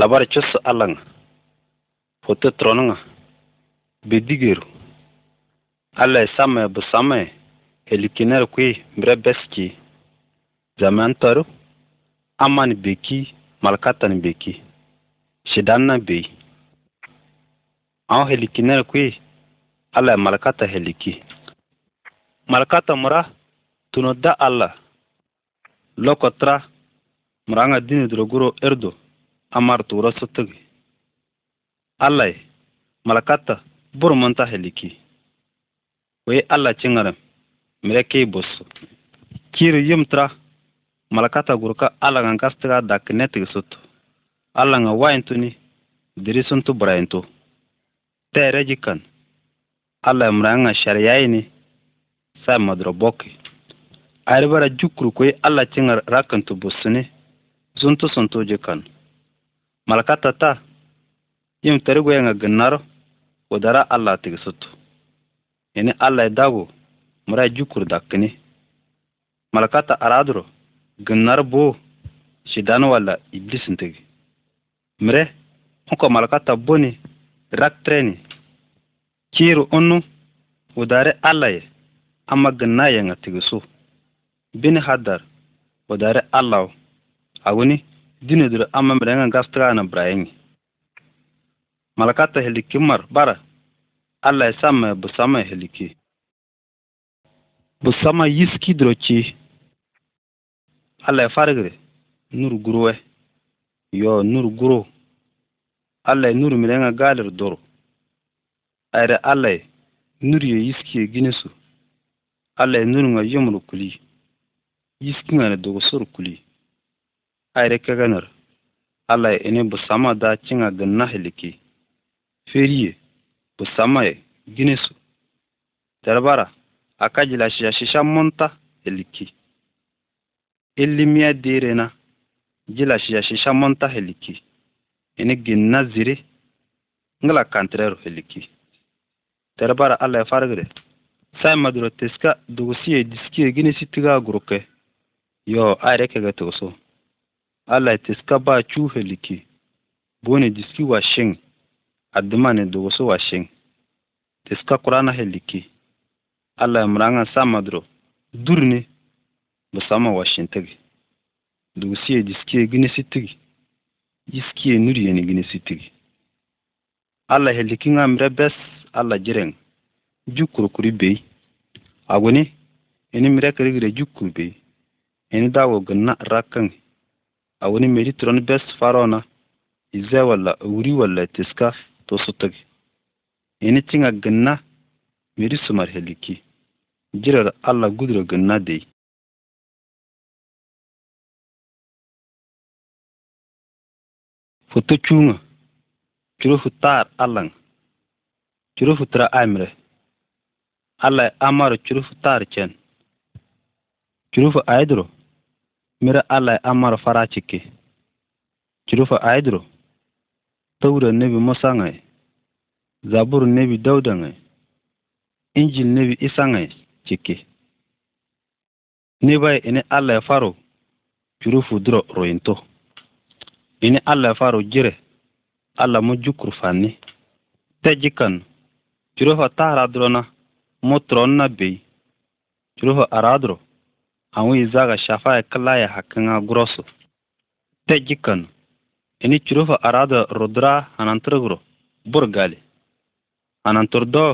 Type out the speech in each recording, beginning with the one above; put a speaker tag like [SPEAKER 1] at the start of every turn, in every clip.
[SPEAKER 1] labar cus alang foto tronanga bedigero alla same bu same helikiner kwi mbre beski zaman taru aman beki malkatan beki shidanna bei an helikiner kwi alla malkata heliki malkata mura tunoda da lokotra muranga dini droguro erdo amartura sutug allai malakatta burmunta heliki we alla ciŋarem mire kei bosu kir yim tra malakata gurka alla ŋa gastiga da tigi sutu alla ŋa wayintuni diri suntu burayintu tere jikan alla muraŋa ni. sai maduro boki aribara jukuru allah alla ciŋar rakintu busuni zuntu suntu jikan ta malkatata yim yin gnaro wodara allah tigisutu ini allah dago mura jukur dakkini malkata aradro ginar bo dano wala iblisin tigi mire hunko malkata boni treni, kiru unnu wudare allah ya amma gna yenga tigisu bini hadar wudare allah awuni dinediro amma gastra na brayŋe malakata heliki mar bara allah ya sama bu busama heliki bu busama yiski droci allah ya farigiri nur guruwe yo nur guro allah e nur dangan gaalir doro ayre allah nur ye yiski ginesu allah nur nurŋa yomro kuli yiskiŋa ne sur kuli ayre kegenor alay ene busama da cinga ginna hiliki feriye busama ye ginesu derbara aka jila shisha shisha munta hiliki ilimiya direna jila shisha shisha munta hiliki ene ginna zire ngla kantrero hiliki derbara alay fargre sai maduro teska dugusiye diskiye ginesi tiga guruke yo ayre kege tugusu ala tiska ba cuhe heliki bone diski wa shin addumane dogoso wa shin tiska qur'ana he liki alla imranga samadro durni musama wa shin tigi dugusiye diskiye ginisi tigi iskiye nuriyeni ginisi tigi alla he liki nga mire bes alla jireng ju kurukuri bei aguni ini mire kirigire ju kurbei ini dawo ganna rakkangi a wani meritron best farona izai wala wuri wala tiska to sutug ini tinga ganna
[SPEAKER 2] meri sumar heliki jirar allah gudura gina dai foto cunga kiro futar allan kiro futura amire
[SPEAKER 1] allah amaro kiro futar can kiro fu mira Allah amara fara cike kirufa aidro taura nebi musa ngai zabur nebi dauda ngai injil nebi isa ngai cike nebai ini Allah faro kirufu dro rointo ini Allah faro jire Allah mu jukur fanni te jikan kirufa tahra drona mutron na bei kirufa aradro aŋwụ̀ izaga shafa ya klaya hakiŋa gurosu te jikanu ini curufu arada rudra hanantirigiro bur gali do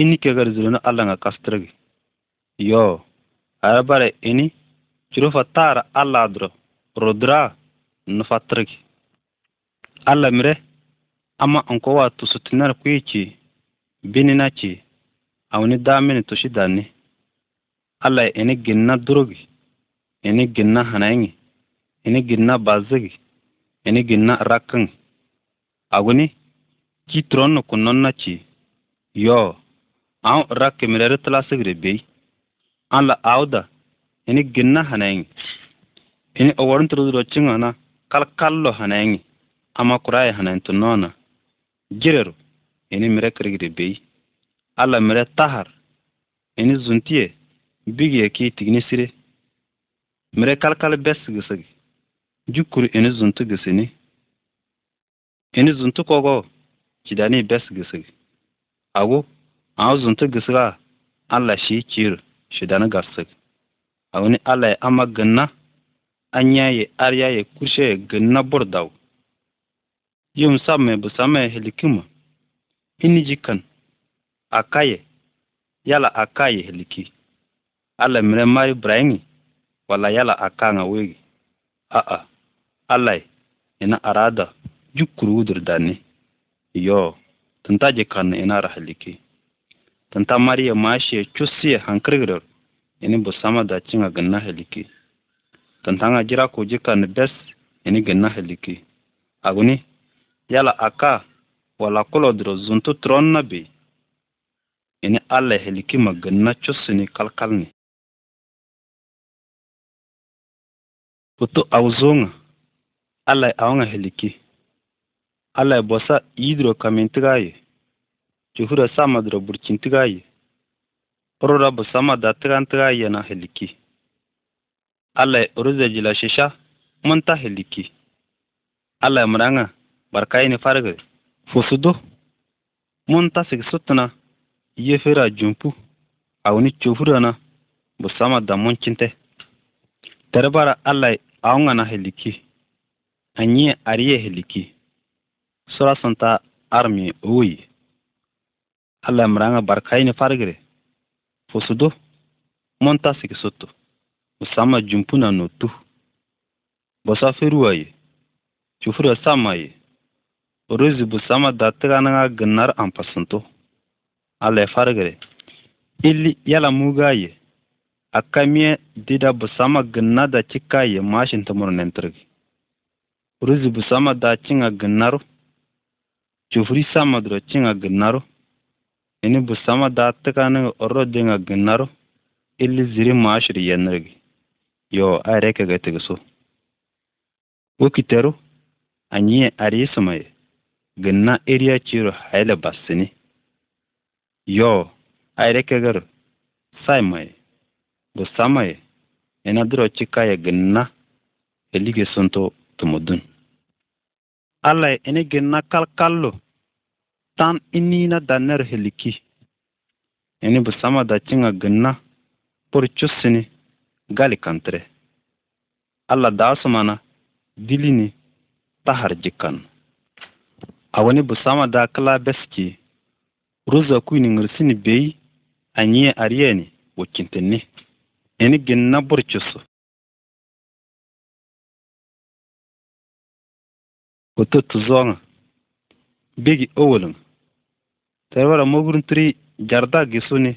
[SPEAKER 1] ini kegar zuluni allaŋa kastrigi yo arabara ini curufa tara alla duro rudra nufatrigi alla mire ama ankowa tusutunar kuyi ci binina ci awuni damini tushi danni Allah ini ginna durugi ini ginna hanayi, ini ginna bazzigi ini ginna rakkangi aguni ki tronno kunnonna ci yo aw rakke mirere tlasigre bi? ala awda ini ginna hanayi, ini oworintirudiro ciŋana kalkallo hanayi, ama kuraye hanayntinona Jireru, ini mire kirigire bey ala mere tahar ini zuntiye bigi ke ki sire mire kalkal bes gisigi jukkur eni zuntu gisini eni zuntu kogo cidani bes gisigi agu aw zuntu gisiga allah shi cir shidani garsig awuni allah ye ama ginna anya ye arya ye kurshe ye ginna burdaw yum samme samme hilikima iniji kan akaye yala akaye hiliki Allah mire mari braingi wala yala akanga wegi a a Allah ina arada jukuru wudur dani yo tanta je kan ina rahliki tanta mariya mashe cusiye hankirgir ini bu sama da cinga ganna haliki tanta nga jira ko jika ni bes ini ganna haliki aguni yala aka wala kolo dro zuntu tron na bi
[SPEAKER 2] ini Allah haliki ma ganna cusini kalkalni poto awuzonga alai awanga heliki
[SPEAKER 1] alai bosa yidro kamintiga ye juhura sama duro burcintiga ye bosa bosama datigantiga ye na heliki alai oruze jila shisha munta heliki alai muranga barkayini fargre fosudo munta sigisutuna yefera jumpu awuni cohurana bosama da muncinte terbara alai awngana heliki anyi ariye heliki sura santa armi oyi alla mranga ne fargire fosudo monta sigi sotto usama jumpuna no tu bosa feruwaye cufura samaye orozi busama datiganaga gnar ampasinto alla fargire ili yala mugaye akamie dida busama gina da cika ya mashin ta murnen turgi ruzi busama da cinga ginaru cufuri sama duro cinga ginaru ini busama da tukaniga orro dinga ginaru illi ziri mashir yenirgi yo a rekega tigisu wukiteru anyiye mai gina iriya ciro hayle basini yo a sai mai. busamaye enadiro cikaye genna elige sunto tumudun allah e, ene ginna kalkallo tan inina danner heliki eni busama dacinga ginna pur cussini gali kantire allah daasumana dilini tahar jikan awani busama da kala beski ruza kuini ngirsini
[SPEAKER 2] beyi anyiye ariyeni wakintinni എനിക്കിന്നാ purchase woto tuzoŋa begi owolum tarwara mogurum tiri
[SPEAKER 1] jarda gisuni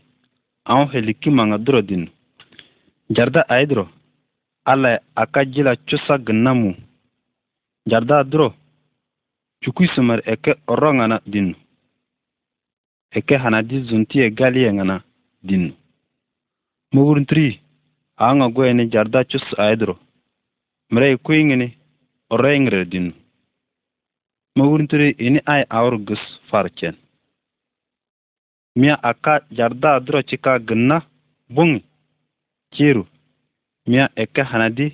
[SPEAKER 1] aŋ heliki maŋa duro din jarda ayidiro ala aka jila cusa mu. jarda duro cukuisimar eke oroŋana dinu eke hanadi zuntiye galiyeŋana dinu mogurum tiri gwe ni jarda cus ayidro mirei kuyingini oreyingrer dinu ma wurintiri ini ay awur gus farcen miya aka jarda duro chika ginna bungi ciru miya eke hanadi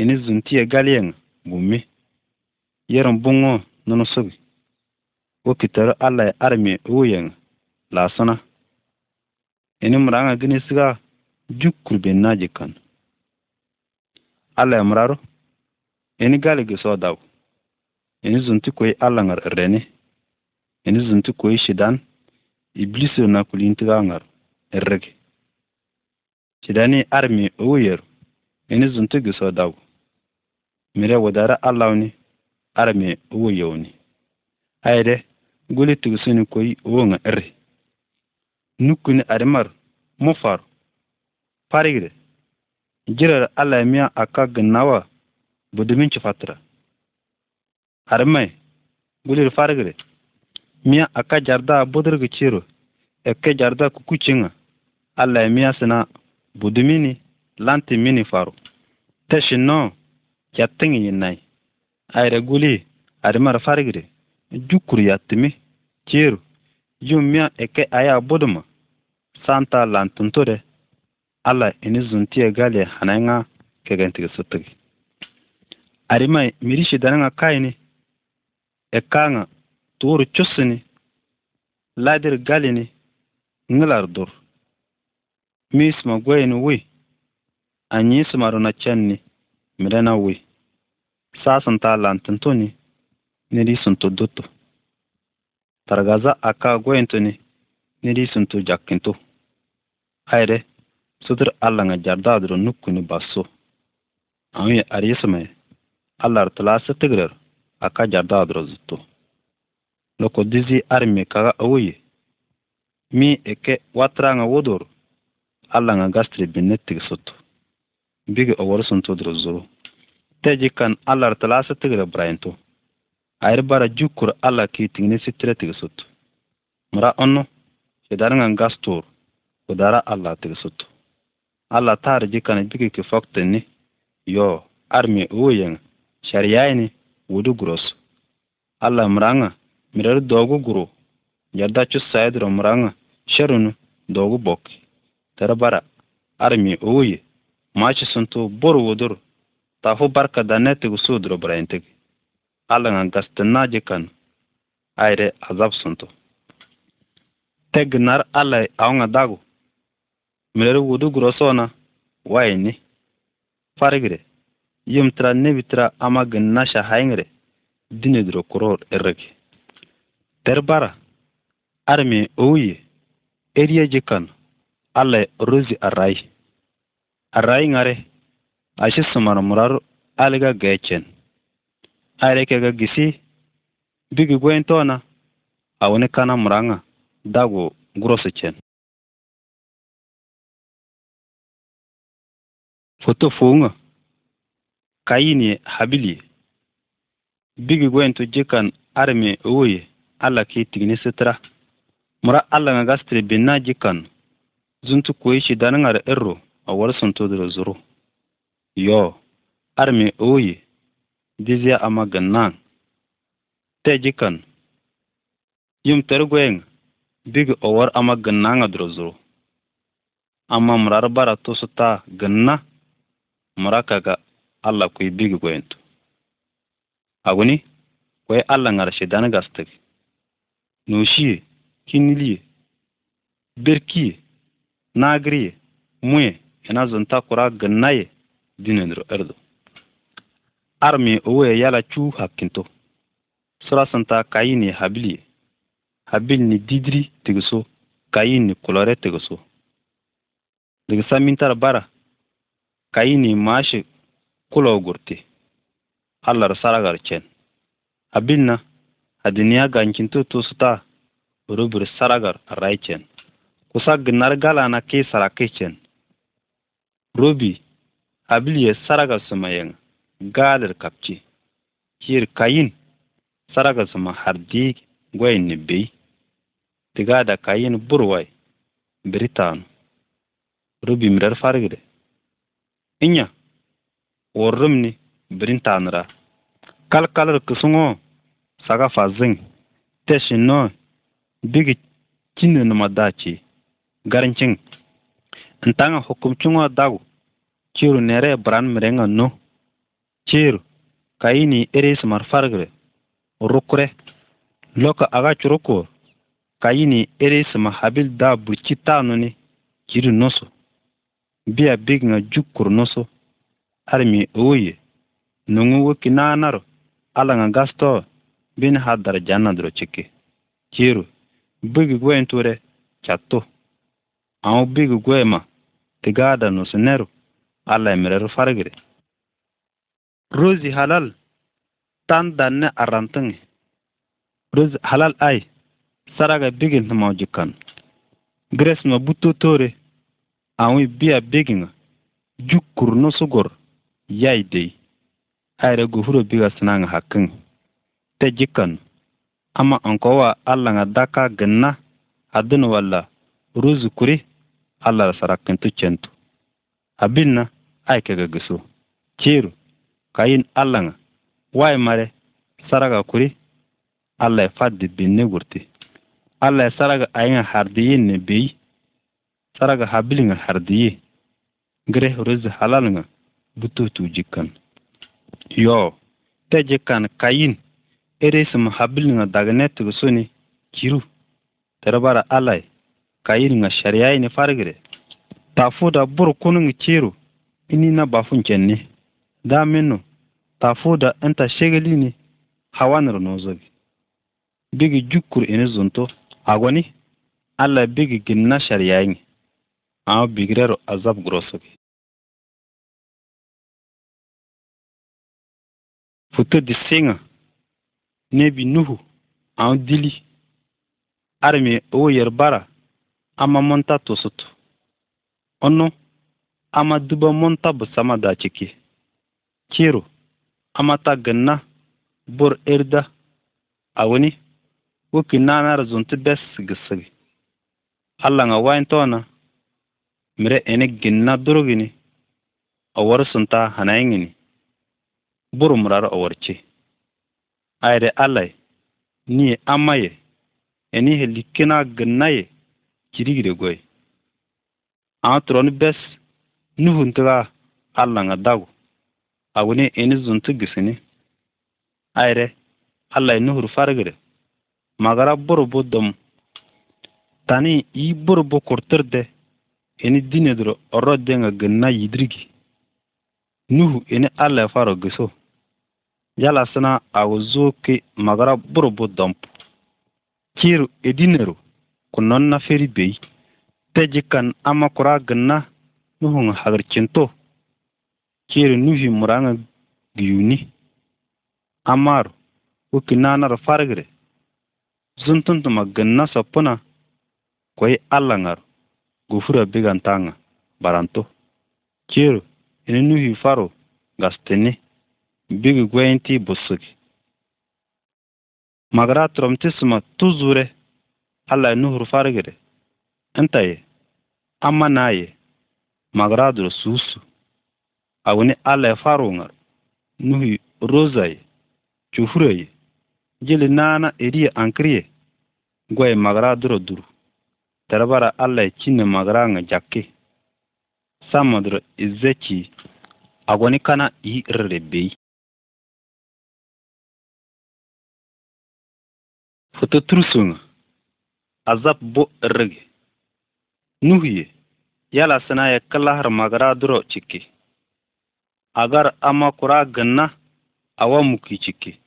[SPEAKER 1] ini zuntiye galiyenga bumi yeron bungo nunu sugi wo kitaro alla ye armi uyenga lasuna ini muranga gini siga jukkulɓe naje kan allah e muraro eni so daw eni zunti koy allah ngar reni eni zunti koye sidan ibliso nakulintiga ngar e erge shidani e armi owoyeru e eni zuntigi soodaw mire wudara allahwni armi owoyewni ayde goli tigisuni koy owonga irri nukuni adimar mufaru parigre jirar alamia aka gnawa budumin fatra harmai gulir farigre miya aka jarda budurgu ciro eke jarda kukucinga alamiya sina budumini lanti mini faru tashino yattingi yinai ayre guli adimar farigre ya timi ciro yun miya eke aya buduma santa lantuntore ala ini zuntiya gale hananga kegantiga sotigi arimai mirishi dananga kaini ekkanga tuuru cusini ladir galini ngilar dur misma gweni wi anyiisimaruna cenni mirena wi sasinta lantintuni nirisintu dutu. targaza aka gwentuni nirisintu jakkintu Aire. sutur alla ŋa jardadiro nukkuni basso aŋ ye ariyisimaye allar tilaasi tigirir a ka jardadiro zutto loko dizi armi kaga awuyi mi eke watiraŋa wudur alla ŋa gastiri binne tigisittu bigi oworsun tudiro zuru teji kan allar tilaasi tigiri birayintu ayiri bara jukkur alla kii tiŋni sitire tigisittu mira unnu sidariŋan gastuur kudara Allah tigisittu ta tar jikana biki ki foktinni yo armi uyeŋ ni wudu gros. Allah muranga, mirar dogu guru jarda cusayidiro muranga, sharunu dogu bok tere armi uyi maci suntu bur wudur tafu barka danne tigu sudiro Allah nga ŋa gastinna jikan aire azab suntu teg nar alla dagu Mire wudu gurosona wayini farigire yim tira nebi tira ama ginna shahayiŋire dinediro kuro irrigi der bara armi owuye eriye jikan alla rozi arrayi arrayi ŋari aši sumar murar aliga geecen arekega gisi
[SPEAKER 2] bigi gweyin tona awuni kana muraŋa dagu gurosu cen Foto fonga kayini habili bigi to
[SPEAKER 1] jikan arme oye alla ke tigne sitira mura alla nga gastre binna jikan zuntu kuishi daniŋar irru awar suntudiro zuru yo arme oye dizia ama gannaŋ te jikan yum ter gweŋ bigi owar ama gannaŋa duro zuru amma murar bara tusu ta ganna murakaga allah kuy bigi goyintu aguni koy allah ŋarasi danigastag nushi kinili birki nagri muye ina zunta kura ginnaye dineniro erdo armi owoye yala hakinto sura santa kayini habili habil ni didiri tigiso kayini ni kulore tigiso digisa mintara bara kayini maashi kulo gurti allar saragar cen abinna adiniya gancintu tusuta burubur saragar arai cen kusa ginar galana ki saraki cen rubi abiliye saragar sumayen galir kapci kir kayin saragar suma hardi gwai nibbi diga da kayin burwai britan rubi mirar fargide Inya worrimni birintanira kalkalar kisungo saga fazin teshino bigi cinu nima daci garincin ntanga wa dagu ciru nere bran mirenga no ciru kaini eres marfargre rukre loka aga churuko kaini eres mahabil da buci tanuni ciri noso biya bigiŋa jukur nusu armi oye nuŋu woki naanaru alaŋa gasto bin hadar janna duro ciki ciru bigi gwen ture cattu aŋu bigi gwema tigada nusu neru alla mireru fargire rozi halal tan danne arrantiŋi rozi halal ai saraga bigin tumau jikkan gresma butto tore awi biya beginga jukkur yai yaidei ayra gufuro biga sinanga hakkin te jikan ama ankowa allanga daka ginna adin walla ruzu kuri allara sarakintu centu abinna ay kega gisu ciru kayin allanga way mare saraga kuri allah faddi binne gurti allah saraga hardiyin ne beyi saraga habilinga hardiye greh rez butu tu jikan yo te jikan kayin eresim habiliŋa dagnetgu suni ciru terbara alai ne fargre tafu da bur Da ciru inina da daminu tafuda inta shegelini hawanir nozogi bigi jukur ene zuntu agoni alla bigi ginna
[SPEAKER 2] shariyayŋi हांव बिगऱ्यार आजाप grocery Futa di seŋa nebi nuhu aŋ dili arimi wo yɛri bara
[SPEAKER 1] ama monta tusutu onu ama duba monta bu da ciki ciro ama ta ginna bur irda awani wuki nanar zunti a gisigi allaŋa wayin tona mire enek ginna durugini awar sunta hanayingini buru murar awarci ayre alay ni amaye eni helikina ginnaye cirigire goy an turoni bes alla nga dagu awuni eni zuntu gisini ayre allay nuhur fargire magara buru bu dom tani i buru bu kurtirde ini dinedro oro denga gina yidrigi nuhu ini alla faro giso yala sana awo zoke magara burubu dompu kiru edinero kunon na feri beyi teji kan ama kura gina hagar hagircinto kiru nuhi muranga giyuni amaru wuki nanar fargire zuntuntuma gina sapuna ala allangaru gufura tanga baranto kiru ininu hifaru gastini bigi gwenti busugi magara tromtisma tuzure alla nuhur fargire antaye amma naye magara dur susu awuni alla nu nuhi rozai cufuraye jili nana eriye ankriye gwaye magra duro duru darbara Allah cinne magara nga jakke samadro izeki
[SPEAKER 2] agoni kana yi rebei foto tursunga azab bo rege
[SPEAKER 1] nuhiye yala sana ya kalahar magara duro ciki agar ama kura ganna awa muki ciki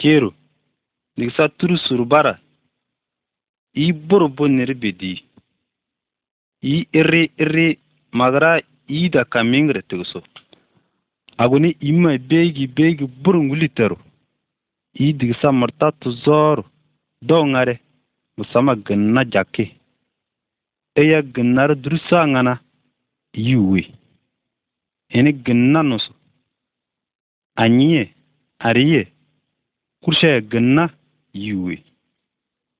[SPEAKER 1] kero turu tursur bara i burbunir bidi i iri iri magara i da kamingre tigso aguni ima begi begi burungulitero i digisa marta zoro do ngare musama ganna jaki eya gannar dursa ngana yuwe ini ganna nusu anyiye ariye kurshe ganna yuwe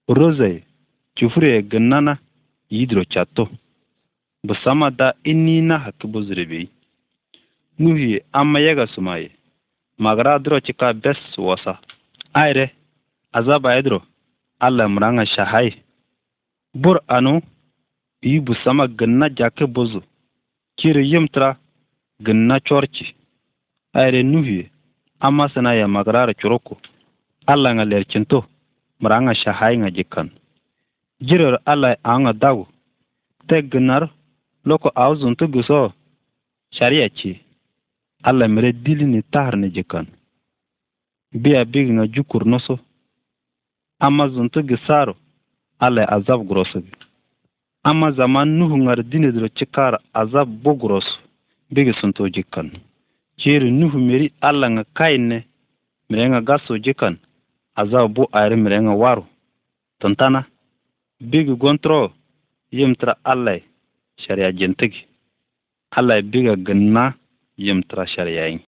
[SPEAKER 1] rozaye kifure gannana yidro chatto busama da inni na hakibu zirbi nuhi amma yaga sumaye magara dro cika bes wasa aire azaba yadro allah muranga shahai bur anu yi busama ganna jake bozu kiri yimtra ganna chorci aire nuhi amma sanaya magara churoko allah nga lercinto muranga shahai nga jikan jiror alai anga dagu te gnar loko auzun tu guso sharia chi alla mere dilini tar ne jikan biya big na jukur noso amma zun tu gisaro alla azab groso amma zaman nuhu ngar dine dro chikara azab bo groso big sun to jikan jeri nuhu meri alla nga kainne mere nga gaso jikan azab bo ayre mere nga waru tantana big gontro
[SPEAKER 2] yimtra tira allai shari'a jentik allai biga ginna yimtra sharia shari'a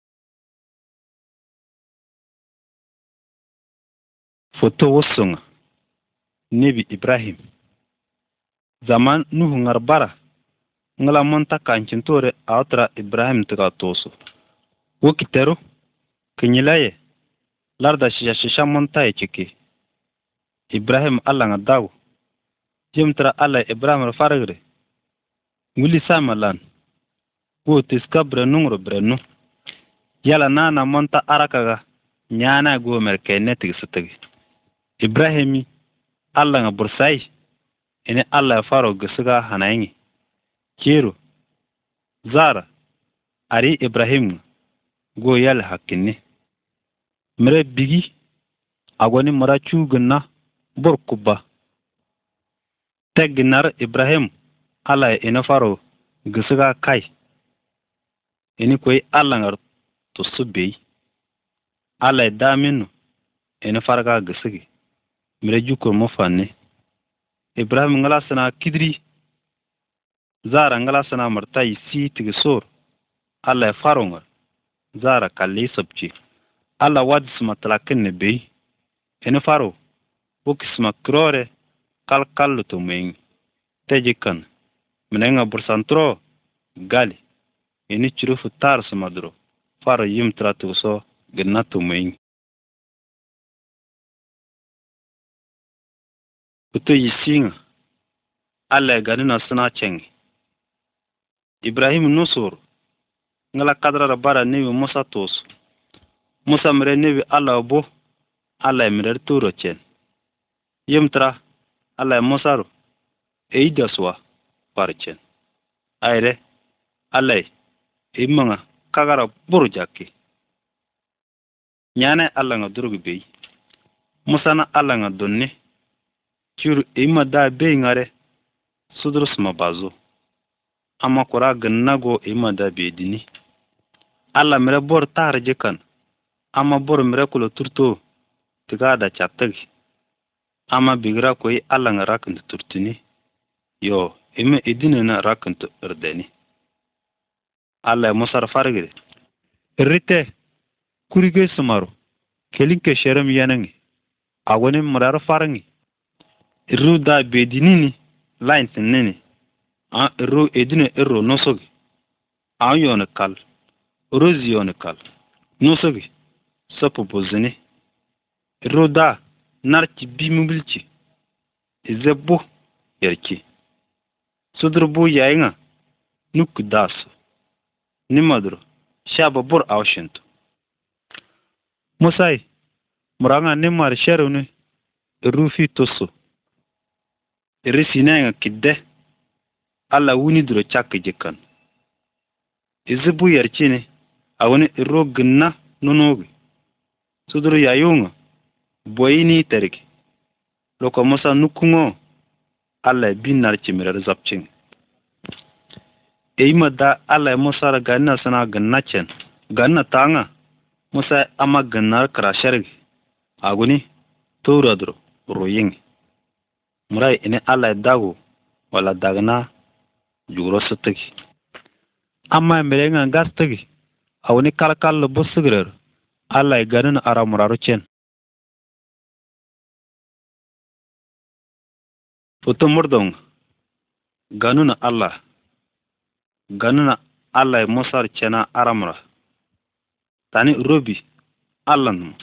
[SPEAKER 2] foto wusunga nebi ibrahim
[SPEAKER 1] zaman nuhu ngarbara bara ŋila monta kancintore awtara ibrahim tuka tosu. wo kinyilaye larda shisha shisha monta ciki ibrahim allah dawo. jemtara ala ibrahim fargre wuli samalan ko tiska brenu ro brenu yala nana monta ga nyana go merke netig sutegi ibrahimi alla nga bursai ene alla faro gisiga hanayngi kero zara ari ibrahim go yal hakkinni mire bigi agoni mara cuginna bor kubba tegnar ibrahim ala ina faro gisiga kai ini koi ngar to subbi ala daminu ina farga gisigi mire jukur mo fanni ibrahim ngala sana kidri zara ngala sana martai si tigi sor faro ngar, zara kalli sabci ala wadis matlakin ne bi, ina faro bukis makrore kalkallu tumeŋ tejikan mineŋa bursanturo gali ini curufu tar
[SPEAKER 2] sumaduro far yim tra tugso ginna tumeŋ kutu yisiŋa gani na sina cheng ibrahim nusur ngala kadra
[SPEAKER 1] bara nebi musa tus musa mire nebi ala bu ala mre turo chen yim tra Allah mosaru e idaswa parchen aire Allah imanga kagara buru jakki ñaane Allah nga bai, musa na Allah nga donni yi ma da bey ngare sudrus ma bazo amma kura ganna go ma da bai dini Allah mere bor tar jikan amma bor mere kulo turto tiga da chattagi ama bigra koyi alanga rakanta turtini, yo, ime idinina rakanta irdeni. Allah musar fargide. Irrite, kurige sumaru, kelinke sherem yanangi, agwani murar farangi. Irru da bedinini, laintinini, a irru edine irru nosogi, a yoni kal, rozi yoni kal, nosogi, sapu bozini. Irru da, narki bimbilci yarki sudur bu yayinga nukku daasu nimaduro shaba bur awshintu musai muranga nimar sheruni rufi tusu irisinenga kidde alla wuni duro cakki jikkan izibbu yercini awuni irro ginna nunugi sudur yayunga boyini terik loko musa nukungo allah bin nar cimirar zabcin eima da allah musa ganna sana ganna cen ganna tanga musa ama gannar krasherig aguni turadro ruying murai ini allah dagu wala dagna juro sutigi amma merenga gastigi
[SPEAKER 2] awuni kalkal busugrer allah ganin ara muraru cen Foto murdon ganuna Allah ganuna Allah e musar cena aramra
[SPEAKER 1] tani robi Allah nu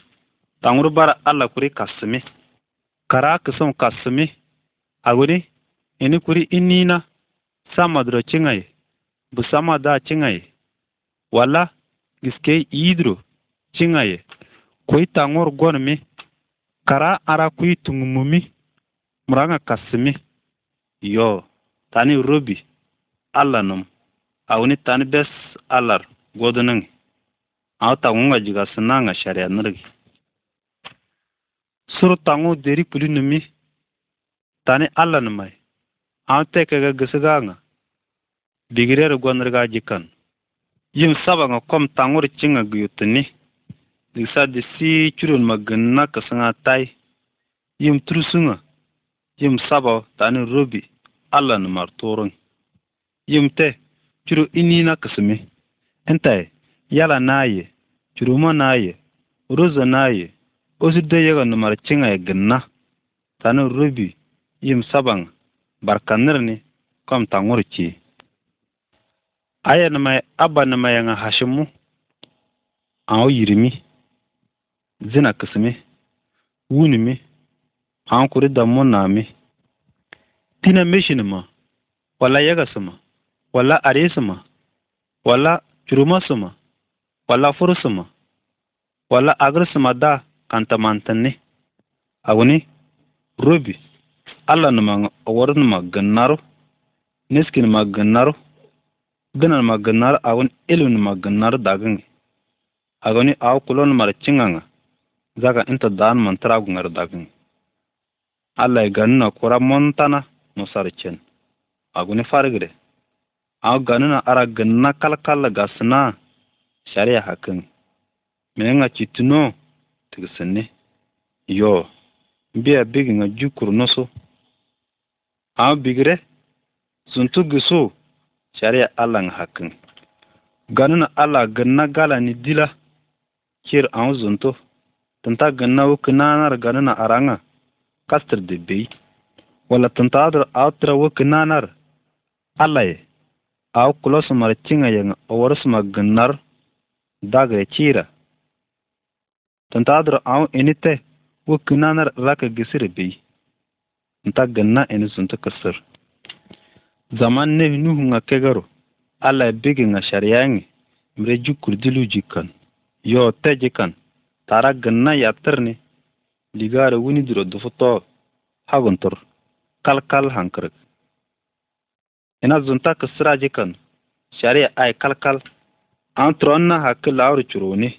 [SPEAKER 1] tangur bara Allah kuri kasmi kara kasum kasmi aguri ini kuri inina sama dro cingai bu sama da cingai wala giske idro cingai kui tangur gonmi kara ara kui tungumumi muranga kasimi yo tani robi allanum awuni tani bes allar godunang aw tangunga jiga sinanga sharia nirgi suru tangu deri puli numi tani allanumai aw tekega gisiganga bigirer gonirga jikan yim sabanga kom tangur cinga guyutini digsa disi curun maginna kisinga tai yim turusunga yim sabo tani robi ala ni mar turin yim te curu ini na kisimi intai yala naye ma naye roza naye osu de yaga ni mar cinga ginna tani robi yim saban barkanir ni kom tangur aya ni mai abba ni mai yanga hashimu an yirimi zina kisimi wunimi haŋ kuri dammo nami tina ma, wala yaga suma wala are suma wala suma wala suma wala suma da mantanni awuni robi alla nima awari nima ginnaru niski nima ginnaru gina nima ginnaru awuni ilim nima ginnaru dagingi awuni awu kulo nimar ciŋaŋa zaga inta dan mantra gungar dagingi Allah ganuna kura montana musarchen aguni fargre aw ganuna ara gna kalkal gasna shari'a hakin menga chituno tigsini yo biya biginga jukur noso aw bigre suntu gisu shari'a Allah hakin ganuna Allah gna galani dila kir aw zunto tanta gna wuknanar ganuna aranga kastar dibbi wala tantaadr aawtra wokinanar alay aw kulosmar ciŋayaŋ owarsma gnar dagre cira tantaadr aw inite wokinanar raka gisir bi nta ganna ini zunti kasar. zaman nebi nuhuŋa kegaro alay sharia shariyaŋi mire jukur dilu jikan yoo te jikan tara gina yaptirni ligara wuni duro haguntur kalkal hankrek ina zunta kisraji jikan shari'a ay kalkal an tronna hakki lawru curoni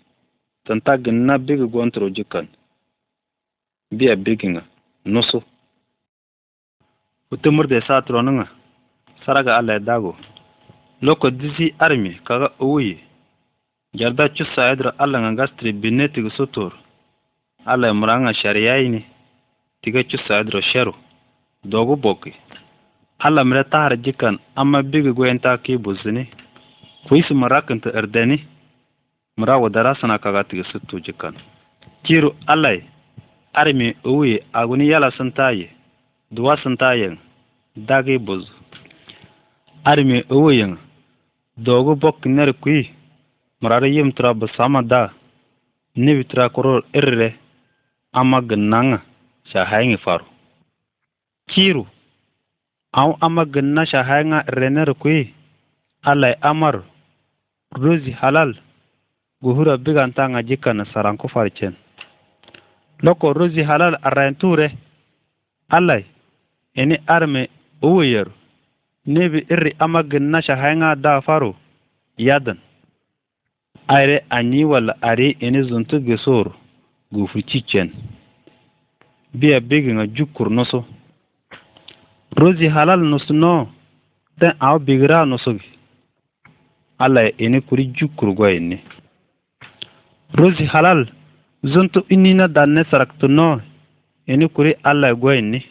[SPEAKER 1] tanta ginna bigi gontro jikan biya biginga nusu utumur de sa saraga alla dago loko disi armi kaga uyi jarda cusa idra alla ngastri binetigu sutur ala sharia ini tiga saadro sharu dogu boki ala mire tahar jikan amma bigi gwenta ki buzini kuisi ta erdeni mura wadara sana kaga tigisitu jikan kiru alai armi uwi aguni yala santaye duwa santaye dagi buz armi yin dogu boki ner kui murari yim tura sama da nibi tura kurur irre ama ginnaŋa shahayiŋi faru kiru aw ama ginna shahayiŋa rener kuyi alay amar rozi halal guhura bigantaŋa jikana saranku farcen loko rozi halal arrayanture alay ini arme uwuyer nebi irri ama ginna shahayiŋa da faru yadin Aire, anyi wala ari ini zuntu gesuru guufu cicen biya bigiŋa jukur nusu rozi halal nusu noo awo au nusu. nusugi alla ye ini kuri jukur goyinni rozi halal zuntu inina danne saraktu no ini kuri alla ye goyinni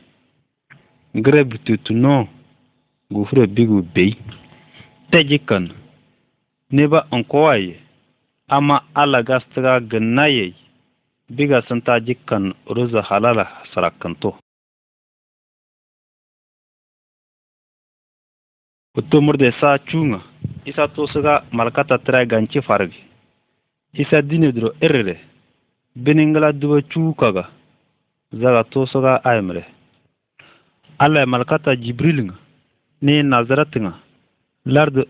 [SPEAKER 1] gire no noo guufuro bigu beyi te jikkan niba nkowaye
[SPEAKER 2] ama ala gastiga ginna yey biga sun ta jikan ruzu halala sarakanto. sarakinto murde sa cunga, isa suga malkata tira ganci fargi
[SPEAKER 1] isa dinidiro irire biningla duba ga, zaga tusga Ala alla malkata nga, ni nga, lardu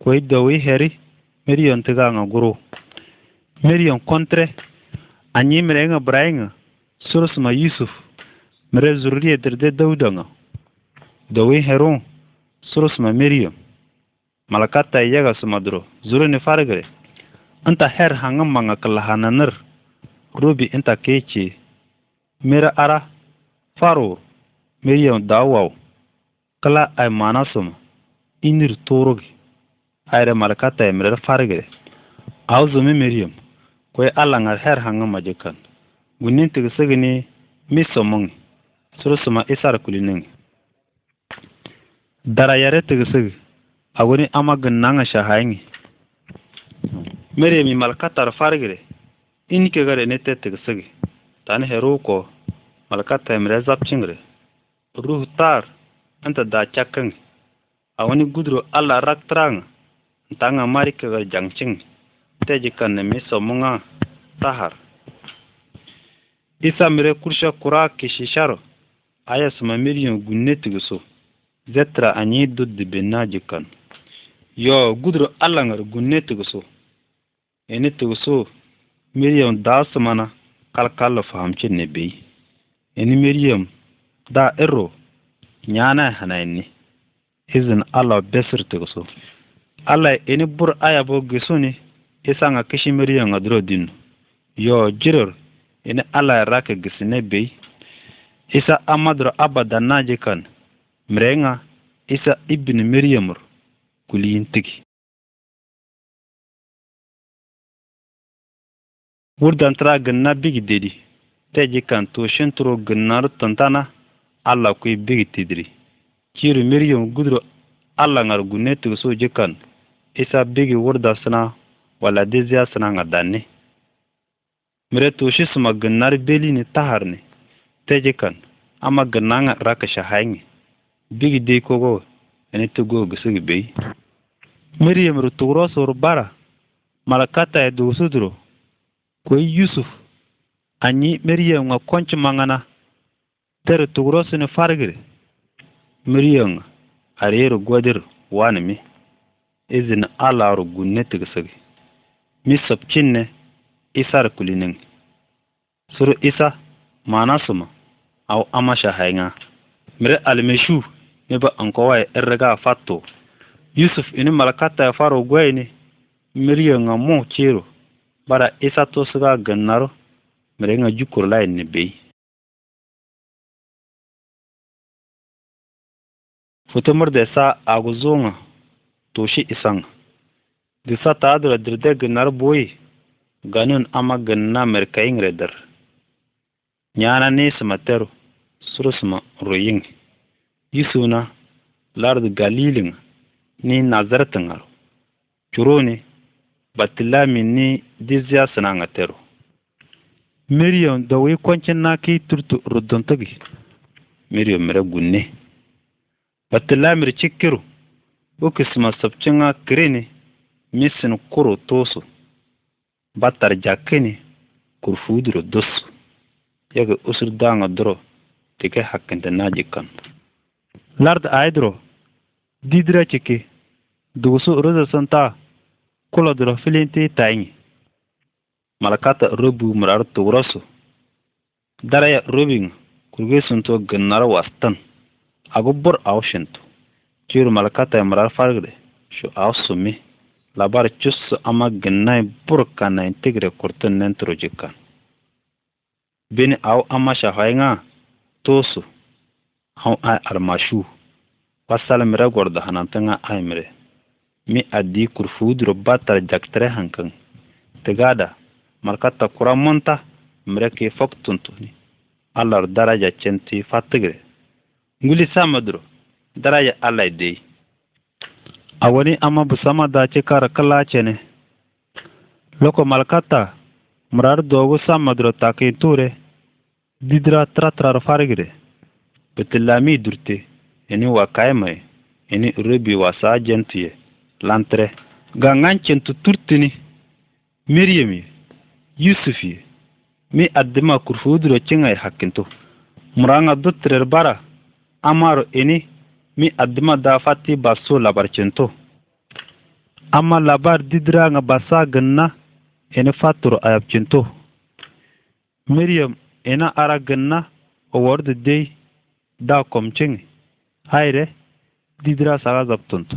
[SPEAKER 1] kwa koi wi heri miriyon nga guru miriyon kontre anyi mire nga brai nga surus ma yusuf mire zurriya e dirde dauda nga dawi heron surus ma miriam malakata e yaga sumadro zuru ni fargre anta her hangam manga kalahananir rubi inta kechi mira ara faro miriam dawaw kala ay manasum inir turugi ayre malakata e mirer fargre Auzumi miriam we alaŋar her haŋa majukan gunin tigisagini misomuŋ surusuma isar kuliniŋ darayare tigisig aguni ama ginnaŋa shahayiŋi meremi malkatar farigire inikegere nite tigisigi tani heru ko malkata emire zabciŋgire ruh tar inta daa cakiŋ awuni guduro alla raktiraŋa ntaŋa marikeger jaŋciŋ yatajikanami somunga tahar isa mire kursha kura sharo aya suma miryon gunne tigiso zetra anyi duddi binna jikan yo gudro alangar gunne tigiso eni tigiso miryon daa sumana kalkallo fahamcinne bei eni miryon da ero ñaanay hanayni izin allah besir tigiso allah eni bur aya bo gisuni isaŋa kisimir yöŋö duro din yo jirör ini ala rake gisine bei isa amaduro abada najikan mireŋa
[SPEAKER 2] isa ibini miryamur kuliyin tiki wurdan tara gənna bigi dedi
[SPEAKER 1] teji kan tushin turo gənnaru tuntana ala kui bigi tidiri ciru miryam guduro ala ŋar gune tigisu jikan isa bigi wurda sina wala waladiziya sinaŋa danni mire tushi suma tahar ni teje kan ama ginaŋa rakisha hayŋi bigi dei kogo ini tigo gisigi bei miriyemri tuguro suru bara malakatai e dugusuduro koi yusuf anyi nga konci maŋana tere tuguro sini fargiri miriyemŋa ariyeru wanmi wanimi izini alaru gunne tigisigi misop cinne isar kulinin sur isa manasuma au amasha haynga mire almeshu neba ankowaye erga fatto yusuf ini malakata ya faro gwaini miriyo
[SPEAKER 2] nga mo chiro. bara isa to suga gannaro mire nga jukur lain ne futumur da sa aguzonga toshi isanga disa taadura
[SPEAKER 1] dirde ginar boyi Ganin ama ginna merkayin redar nyana ne nisma teru surusma royin yisuna lard galilin ni nazartingar curoni batilami ni dizya sinanga teru miriyon da wai kwancin na ki turtu ruddontagi miriyon mere gunne batilamir cikiru a kire kireni misin kuro tosu batar jakini kurfuudiro dosu yagi usur danga duro tike hakkinte naa jikkan lard aydiro didira ciki dugusu rososon santa kulo duro filinti tayŋi malakata rubu murar tugrosu daraya kurge kurgesunto ginnar wastan agu bur awshintu ciru malkata murar fargide shu aw labar cussu ama ginnai burka na integre kurtun nen turujikkan bini au ama shahayŋa tosu haw ay almashu wasal mire gordo hanantiŋa ai mire mi adi kurfuduro batar jaktere hankan tigada markata kura monta mire ke fok tuntuni allar daraja centi fatigre. nguli samadro daraja alai dei. awoni ama busama dachi kara kala chene loko malkata murar dogu samadro takin ture didra tratrar farigire betilami durte eni wakaymay eni rebi wa jentiye lantre gangan centu turtini miryem ye yusuf mi addima kurfuduro cingay hakkinto muranga duttirer bara amaro eni mi fati baso labar labarcinto amma labar nga basa ganna ene fattoro ayabcinto miriam ena ara ganna o word dey da komciŋi haire didira saga zaptunto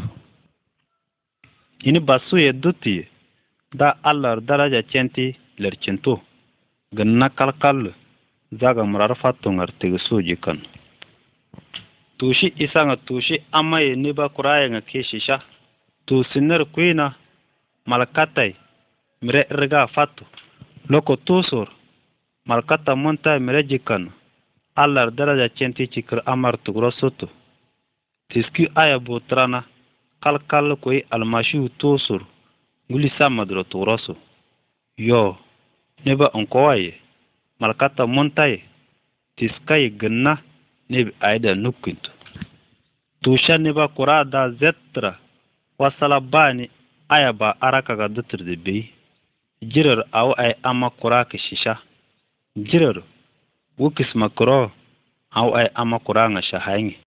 [SPEAKER 1] ini basu yedduti da allar daraja centi lercinto ganna kalkal zaga murar fattuŋar tigisu jikan tushi isa nga tushi ye niba kuraya nga keshisha tusiner kuina malkatai mire riga fatu loko tusur malkata munta mire jikanu allar daraja chenti chikir amar tugro sotu tiski aya butrana kalkal koi almashiu tusur nguli samadro tugrosu yo niba onkowaye malkata muntaye tiskaye ginna neb ayda nukkinto tuushanni ba kuraa da zetra wasala baani aya ba arakaga dutirdi bei jirar awu ay ama kuraa shisha jirar
[SPEAKER 2] wukisma kuroo awu ay ama kuraanga shahaynge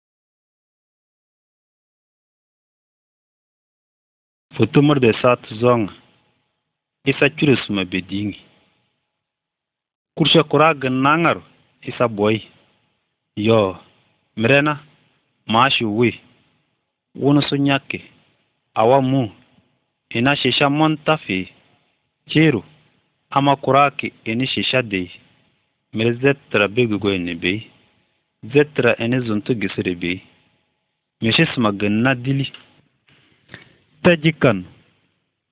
[SPEAKER 2] futumurde sat zonga isa curusma bedingi kursha kuraa gannaŋaro
[SPEAKER 1] isa boyi yo mirena maashi wi wunusu nyaki awa mu ina shisha monta fi ciru ama kuraki ini shisha dei mire zettira bigugo ini bei zetra ini zuntu gisiri bei mishi sima ginna dili te jikan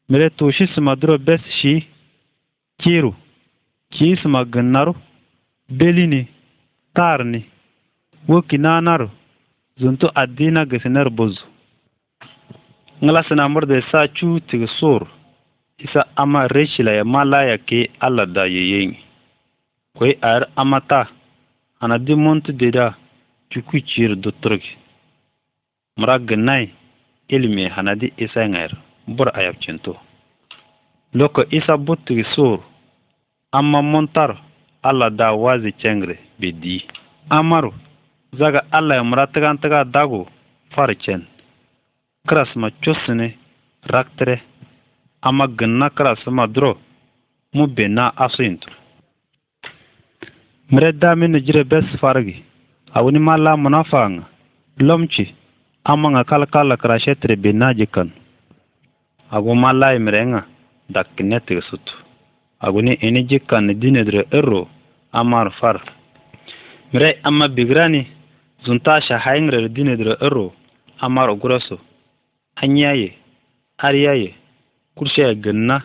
[SPEAKER 1] mire tushi sima duro bes shi ciru kii sima ginnaru belini tarni wo kinanaru zuntu addina gasinar bozu ngala sana murde sa chu tigi isa ama rechila ya mala ya ke alla da yeyen kwe ar amata ana di montu deda cuku cir trok murag gnai ilmi hanadi di isa ngair bur ayab cinto loko isa buttigi tigsur amma montar alla da wazi cengre bedi amaru zaga alla yamra tigan tiga dagu farcen ma cusini raktre ama ginna ma duro mu bena asintu mire min jire bes fargi awuni munafang lomchi ama nga kalkala krashe krashetre bena jikan agu mala imrenga dakkine tigsutu aguni ini jikan dinedre erro amar far mire amma bigrani zuntasha hayngra dinedra ero amar oguraso hanyaye aryaye kurshaya ganna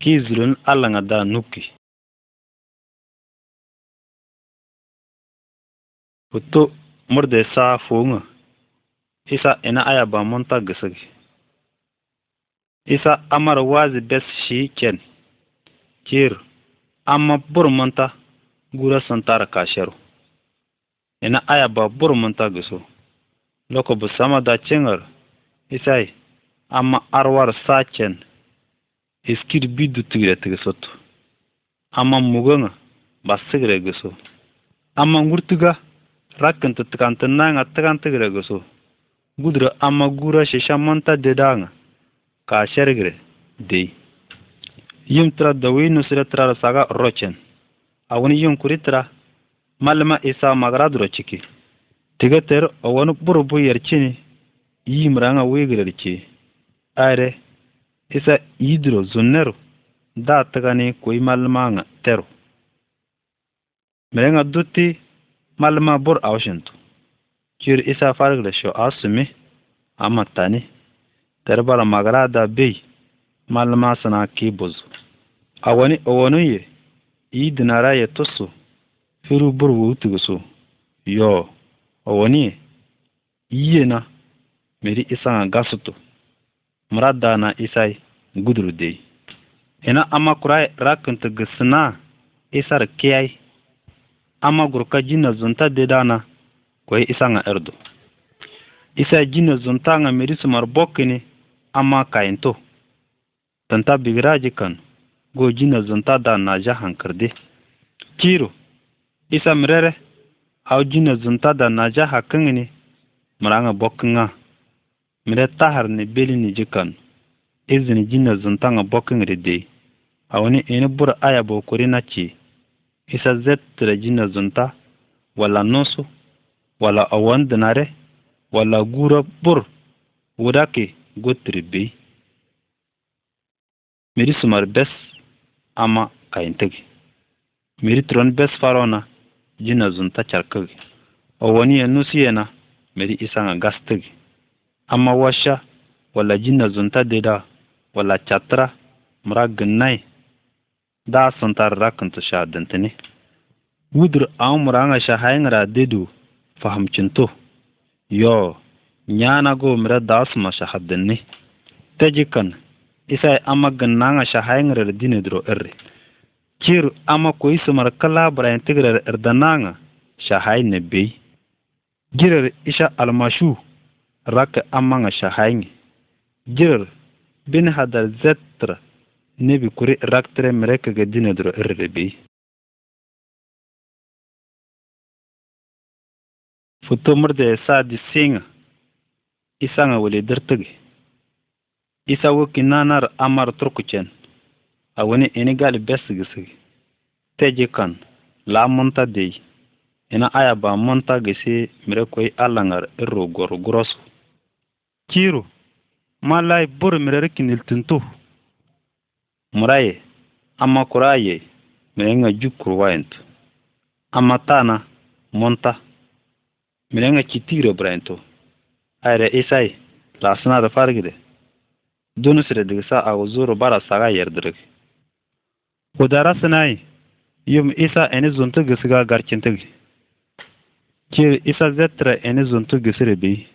[SPEAKER 2] kizilun alanga da nuki Hutu murde sa fuunga.
[SPEAKER 1] Isa ina aya ba monta gisigi. Isa amar wazi bes shi ken. Kir, amma bur monta gura santara kasheru. ina aya babur mun ta gusu loko bu sama da cingar isai amma arwar sacen iskir bidu tigre tigisot amma muganga ba sigre gusu amma ngurtiga rakkan ta tikanta nanga tikan gusu gudra amma gura shisha manta dedanga ka shergre dei yim tra da wi nusira tra saga rochen awuni yim kuritira malma isa magara duro ciki tiga ter o buru bu yarcini yi muranga wigirar ce are isa idro zunneru da tagani koi nga teru merenga dutti malma bur awshintu cir isa fargla sho asumi amma tani terbala magara da bei malma sana ki buzu awani ye idinara ye tusu firi burbu tigso yo owoni na meri isaŋa gasutu murada na isai guduru dei ina ama kurai rakinti isar kiyai ama gurka jina zunta dedana koyi isaŋa erdo isa jina zunta meri sumar bokini ama kainto tanta bigiraji kan go jina zunta da jahan hankirdi ciro isa mrere au jina zunta da na ja hakin ni mranga bokinga mire tahar ni beli ni jikan izin jina zunta nga bokin ride awani ini bur aya bokuri na ci isa zetre jina zunta wala nosu wala awan dinare wala gura bur wudake gotri bi miri sumar bes ama kayintegi miri bes farona jina zunta carkig o yana nusiyena isa isaŋa gastig amma washa wala jina zunta dida wala catra mura ginnay da suntar ta sha dintini wudur aw sha shahayŋra dedu fahamcinto yo ñaanago mira daasuma shahadinni tejikan isay ama ginnaŋa shahayŋrar dinidro erri kir ama ko koi mar kala brain tigrar erdananga shahai nebe girar isha almashu raka amanga shahai girar bin hadal zetra
[SPEAKER 2] bi kuri raktere mereka ga dinadro errebe futo de sa di singa
[SPEAKER 1] isanga wale dirtige isa woki amar turkuchen awoni ini gali gisi teji kan la monta dei ina aya ba monta gisi mire koi alangar iru goro grosu kiru ma lai buru mire riki niltintu muraye ama kuraye mire nga jukur wayentu ama tana monta mire nga kitiro brayentu ayre isai lasina da fargide dunusire digisa aguzuru bara saga yerdirigi udara sinai yum isa eni zuntu gisiga garkintig kir isa zetra eni zuntu gisiri bi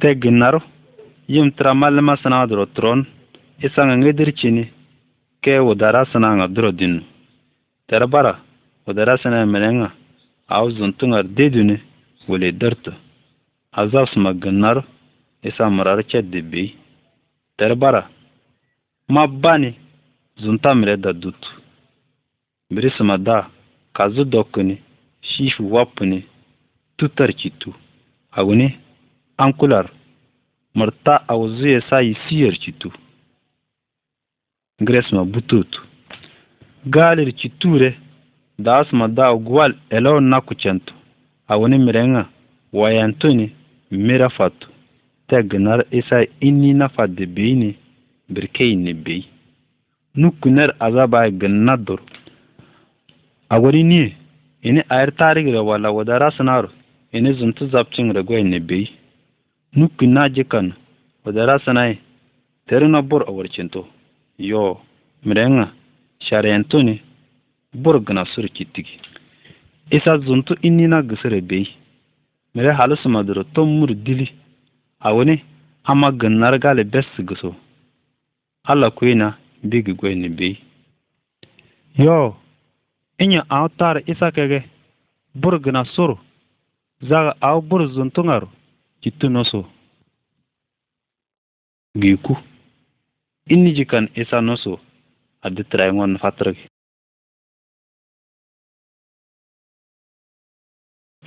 [SPEAKER 1] te ginnaru yum tra malima sina duro tron isa nga ngidir cini ke udara sina nga duro dinu tere bara udara sina menenga aw zuntu ngar diduni wuli dirtu azab ma ginnaru isa murar cheddi bi tere bara ma bani zunta mire da dutu birisima da kazu dokuni shifu wapuni tutar kitu aguni ankular murta awuzuye sayi siyar kitu gresma bututu galir kiture da asma da gwal elon na kucentu aguni mirenga wayantuni mira fatu tegnar isa inni na fadde beyni birkeyni bey nukuner azabay gannadur agori ni ini ayar tarihi ra wala wadara sanar ini zuntu zabcin ragwai ne bai nukuna jikan wadara sanai terina bor awarcinto yo mirenga sharento ne bur gana sur kitigi isa zuntu inina gisire bei mire halusu maduro tom mur dili awani amma gannar gale bes giso Allah kuina bigi gwe ni bi yo inya aw tar isa kege na sur za aw bur zuntungar jittu
[SPEAKER 2] giku inni jikan isa noso addi traingon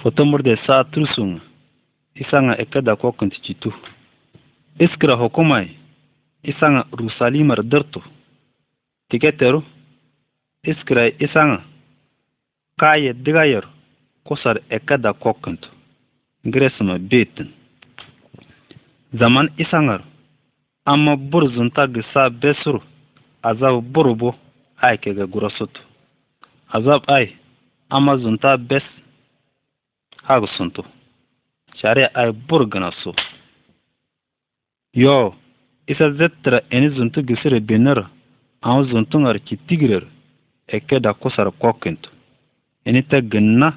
[SPEAKER 2] fotomur de sa isa isanga ekada kokunti citu
[SPEAKER 1] iskira hukumai isanga rusalimar dirtu tigeteru iskiray isaŋa diga digayor kusar ekeda kokkunt giresma betin zaman isaŋar amma bur zunta gisa besur azab burbu ay kege gurasut azab ay amma zunta bes suntu shari ay bur su yo isa zettira eni zuntu gisire binira aw zuntuŋar cittigirer ekeda kusar kokkintu ini te ginna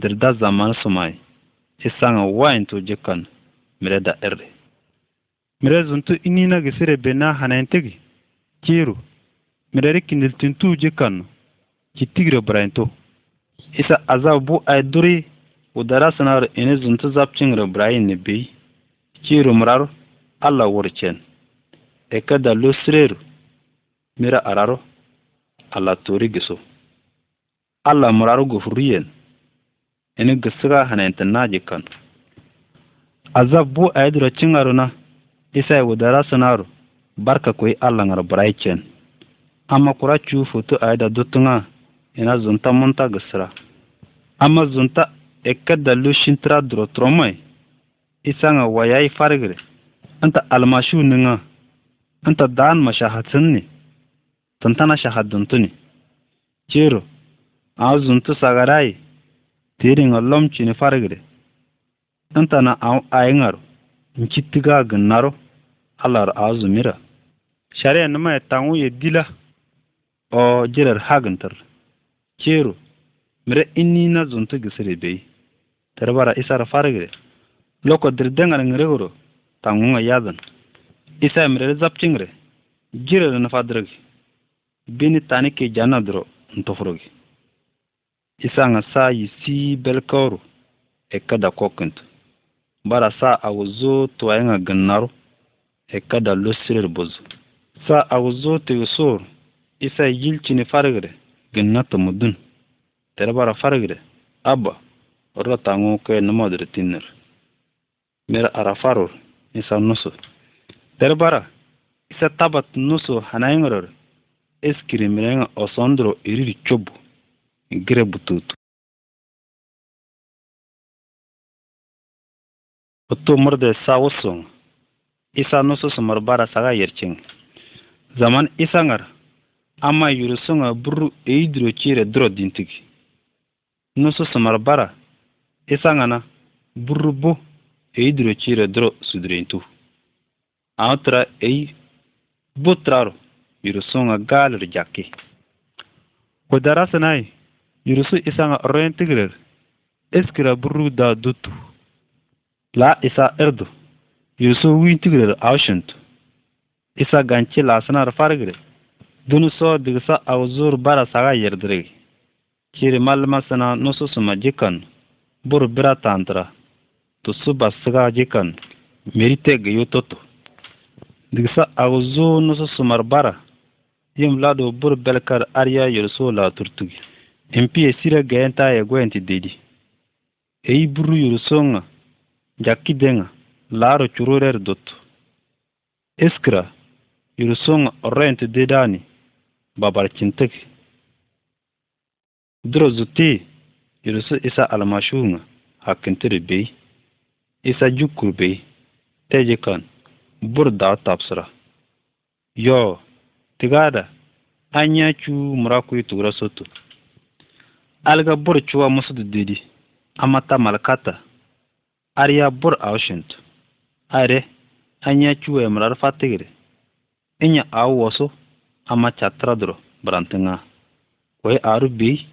[SPEAKER 1] dirda zaman sumay i saŋa wayintu jikan mire da irri mire zuntu inina gisire bena hanayintigi ciiru mireri kindiltintuu jikannu cittigire birayintu isa azab bu ay duri sanar ini zuntu zabciŋire birayin ni biy ciiru mirar alla wurcen ekeda lusireru mira araro ala tori giso alla muraru gofuriyen ini gisiga hanayintinna jikkan azab bu ayidiro isa isai wudara sunaru barka kuyi alla ŋar buraicen amma kura cuu foto ayida ina zunta munta gisira amma zunta ikke dallu shintira isa nga wayai farigire anta almashu niŋa anta daan mashahatsinni tuntana shahaduntuni cero a zuntu sagarai tirin allom chini farigre tuntana aw in nchittiga gnnaro alar a zumira sharia nima tangu ya dila o jirar hagantar cero mire inni na zuntu gisire bai tarbara isar farigre loko dirdengar ngregoro ya yadan isa mire gire. jirar na fadrigi bini tani ke janna doro isa nga sa yi si belkawro e kada kokintu bara sa awuzo tuwayenga gannaro e kada losirer bozu sa zo awuzo tegisor isa yilcini farigire ginna mudun. tere bara farigire abba ta tango ke namodire tinner mera arafaror isa nusu tere bara isa tabat nusu hanayengarore
[SPEAKER 2] eskiri mirenga osondro iriri chobu igire bututu otu murde sa wusung isa nusu sumar bara saga yerching zaman isangar
[SPEAKER 1] ama yurusunga buru eidro chire dro dintigi nusu sumar bara isangana buru bu eidro chire dro sudrentu aotra ei butraro Yo nga gaerjake. Koda na yusu isa ngare integr eskeraburu da dutu la isa erdu yusu wtig au isa ganchelaar farre, duu so di sa azuur barasaga yregi, kere mal mas na nos so su majekan bu bara tantra tu suba ga jjekan meritege yo toto, dik sa azu nu so sumar bara. yim lado bur belkar arya yorso la turtugi impie sira genta e gwenti dedi ei buru yorsonga jakkidenga laro chururer dotto eskra yorsonga orrent dedani babarcintek duro zuti yorso isa almashunga hakkintiri bey isa jukur bey tejikan bur daa tabsira yoo tigada anya cu muraku tugra soto alga bur chuwa musudu dedi amata malkata arya bur aushint are anya cuwa murar fatigre inya awu waso ama chatra duro brantinga koy aru bi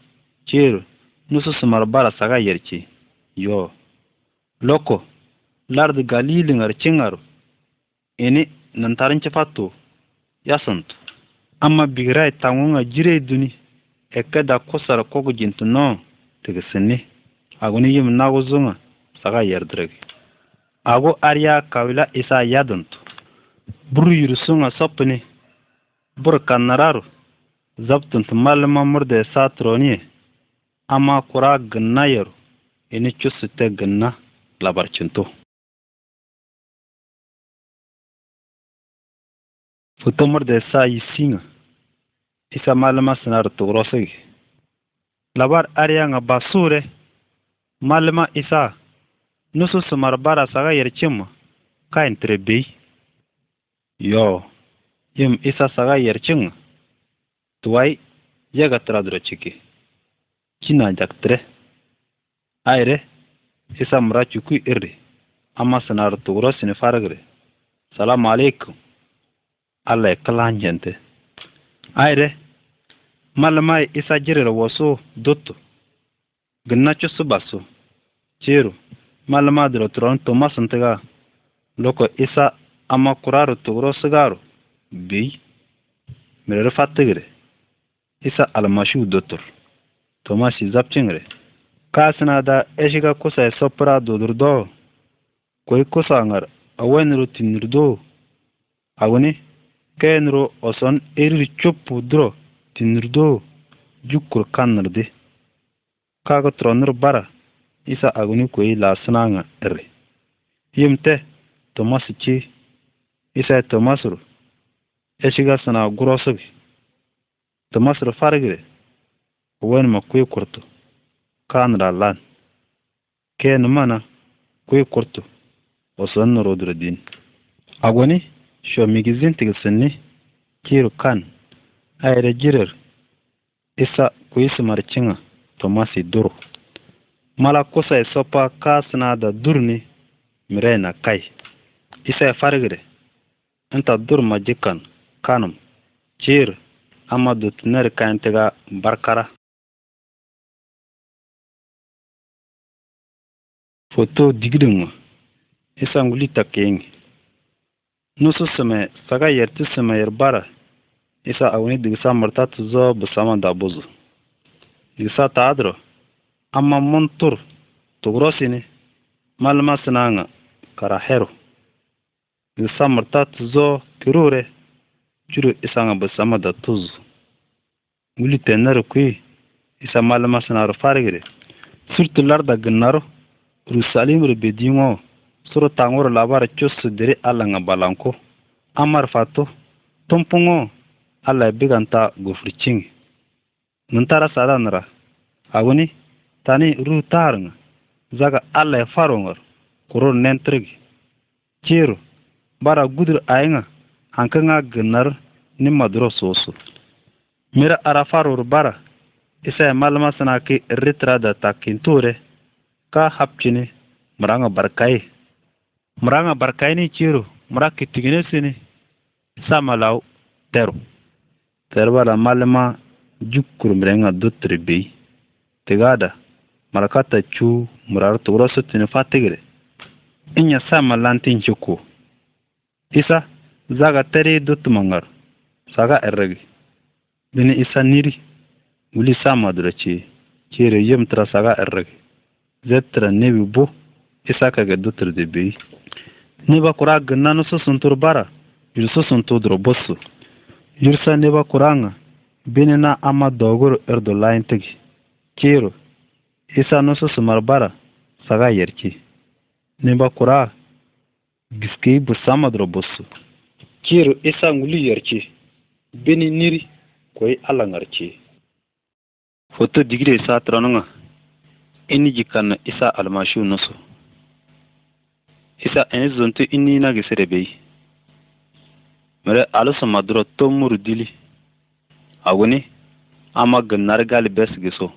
[SPEAKER 1] nusu sumar bara saga yerchi yo loko lard galili ngar ini nantarin chapatu yasantu amma bigirai tangunga jire duni da kusar kogu jintu no tigisini aguni yim nagu zunga saga yerdiregi agu arya kawila isa yaduntu bur yursunga soptuni bur kannararu zabtuntu mallima murde satroniye amma kura
[SPEAKER 2] ginna yeru ini cusutte labar labarcintu Futumurde sa yisinga. Isa malama sinar tugrosigi. Labar ariyanga basure.
[SPEAKER 1] Malama isa. Nusu sumar bara saga yerchimma. Kain trebei. Yo. Yim isa saga yerchinga. Tuwai. Yaga tradro chiki. China jaktre. Aire. Isa mra chukui irri. Amma sinar tugro sinifar gri. Salam alaikum. alla kilan jente ayre malamai isa jirir waso dotto ginna cusu basu. ciru malama duro turon to masantiga loko isa ama kuraro tuguro sigaru bi mirir fattigire isa almashu dottor tomasi zapcingire kasina da eshiga kusa e sopra do koi kusangar awenru tinirdo aguni geenuro oson eririchoppu pudro tinirdo jukkur kannirdi kaga turonir bara isa aguni koyi laasinaŋa iri yimte tomas chi isa tomasuru eshiga sina gurosig tomasuru farigire ma kui kurtu kanra lan mana kui kurtu osan durodin agoni. shomigizin tigisinni kiru kan ayra jirir isa kuisi marcinga tomasi duru mala kusa isopa kasna da durni mire na kai isa farigre inta dur majikan kanum cir
[SPEAKER 2] ama dutiner kayantiga barkara foto digidinga isa ngulita takengi
[SPEAKER 1] nusu sime saka yerti sime yer bara isa awuni digisa murta tuzo busama dabuzu digisa taadro amma mun tur tugrosini malma sinanga kara heru digisa murta tuzo kirure juru isanga busama da tuzu wuli tenere kui isa malma sinaru farigire surtular da ginnaru rusalimru bedingo suru tangoro labara cusu diri ala nga balanko amar fatu tumpungo ala biganta gofurcing nuntara sadanra aguni tani ru tarnga zaga ala farongar kurun nentrig ciru bara gudur ainga hankanga gnar ni maduro sosu mira ara farur bara isa malma sanaki ritra da takinture ka hapcini maranga barkai barkaini chiru ciiru mura sini sama lau teru teru la malima jukuru mrenga dutri bi tigaada marakata cuu murar tini fatigire inya sama lantin nchuku isa zaga teri mangaru saga erregi bini isa niri wuli sama dure ci chiri yem tira saga erregi zetra nebi bu isa kaga dutur de ne ba kura gina nusu suntur bara yursu suntu drobosu yursa Kura nga bini na ama dogoro erdo layin tigi Kero, isa nusu sumar bara saga ne ba kura giske bu sama drobosu Kero isa nguli yarki bini niri koyi alangarki foto digire isa tranunga ini jikanna isa almashu nusu isa ẽn zonto i nina gisire bei mere alusuma to muru dili ma ama ginnar gali bes giso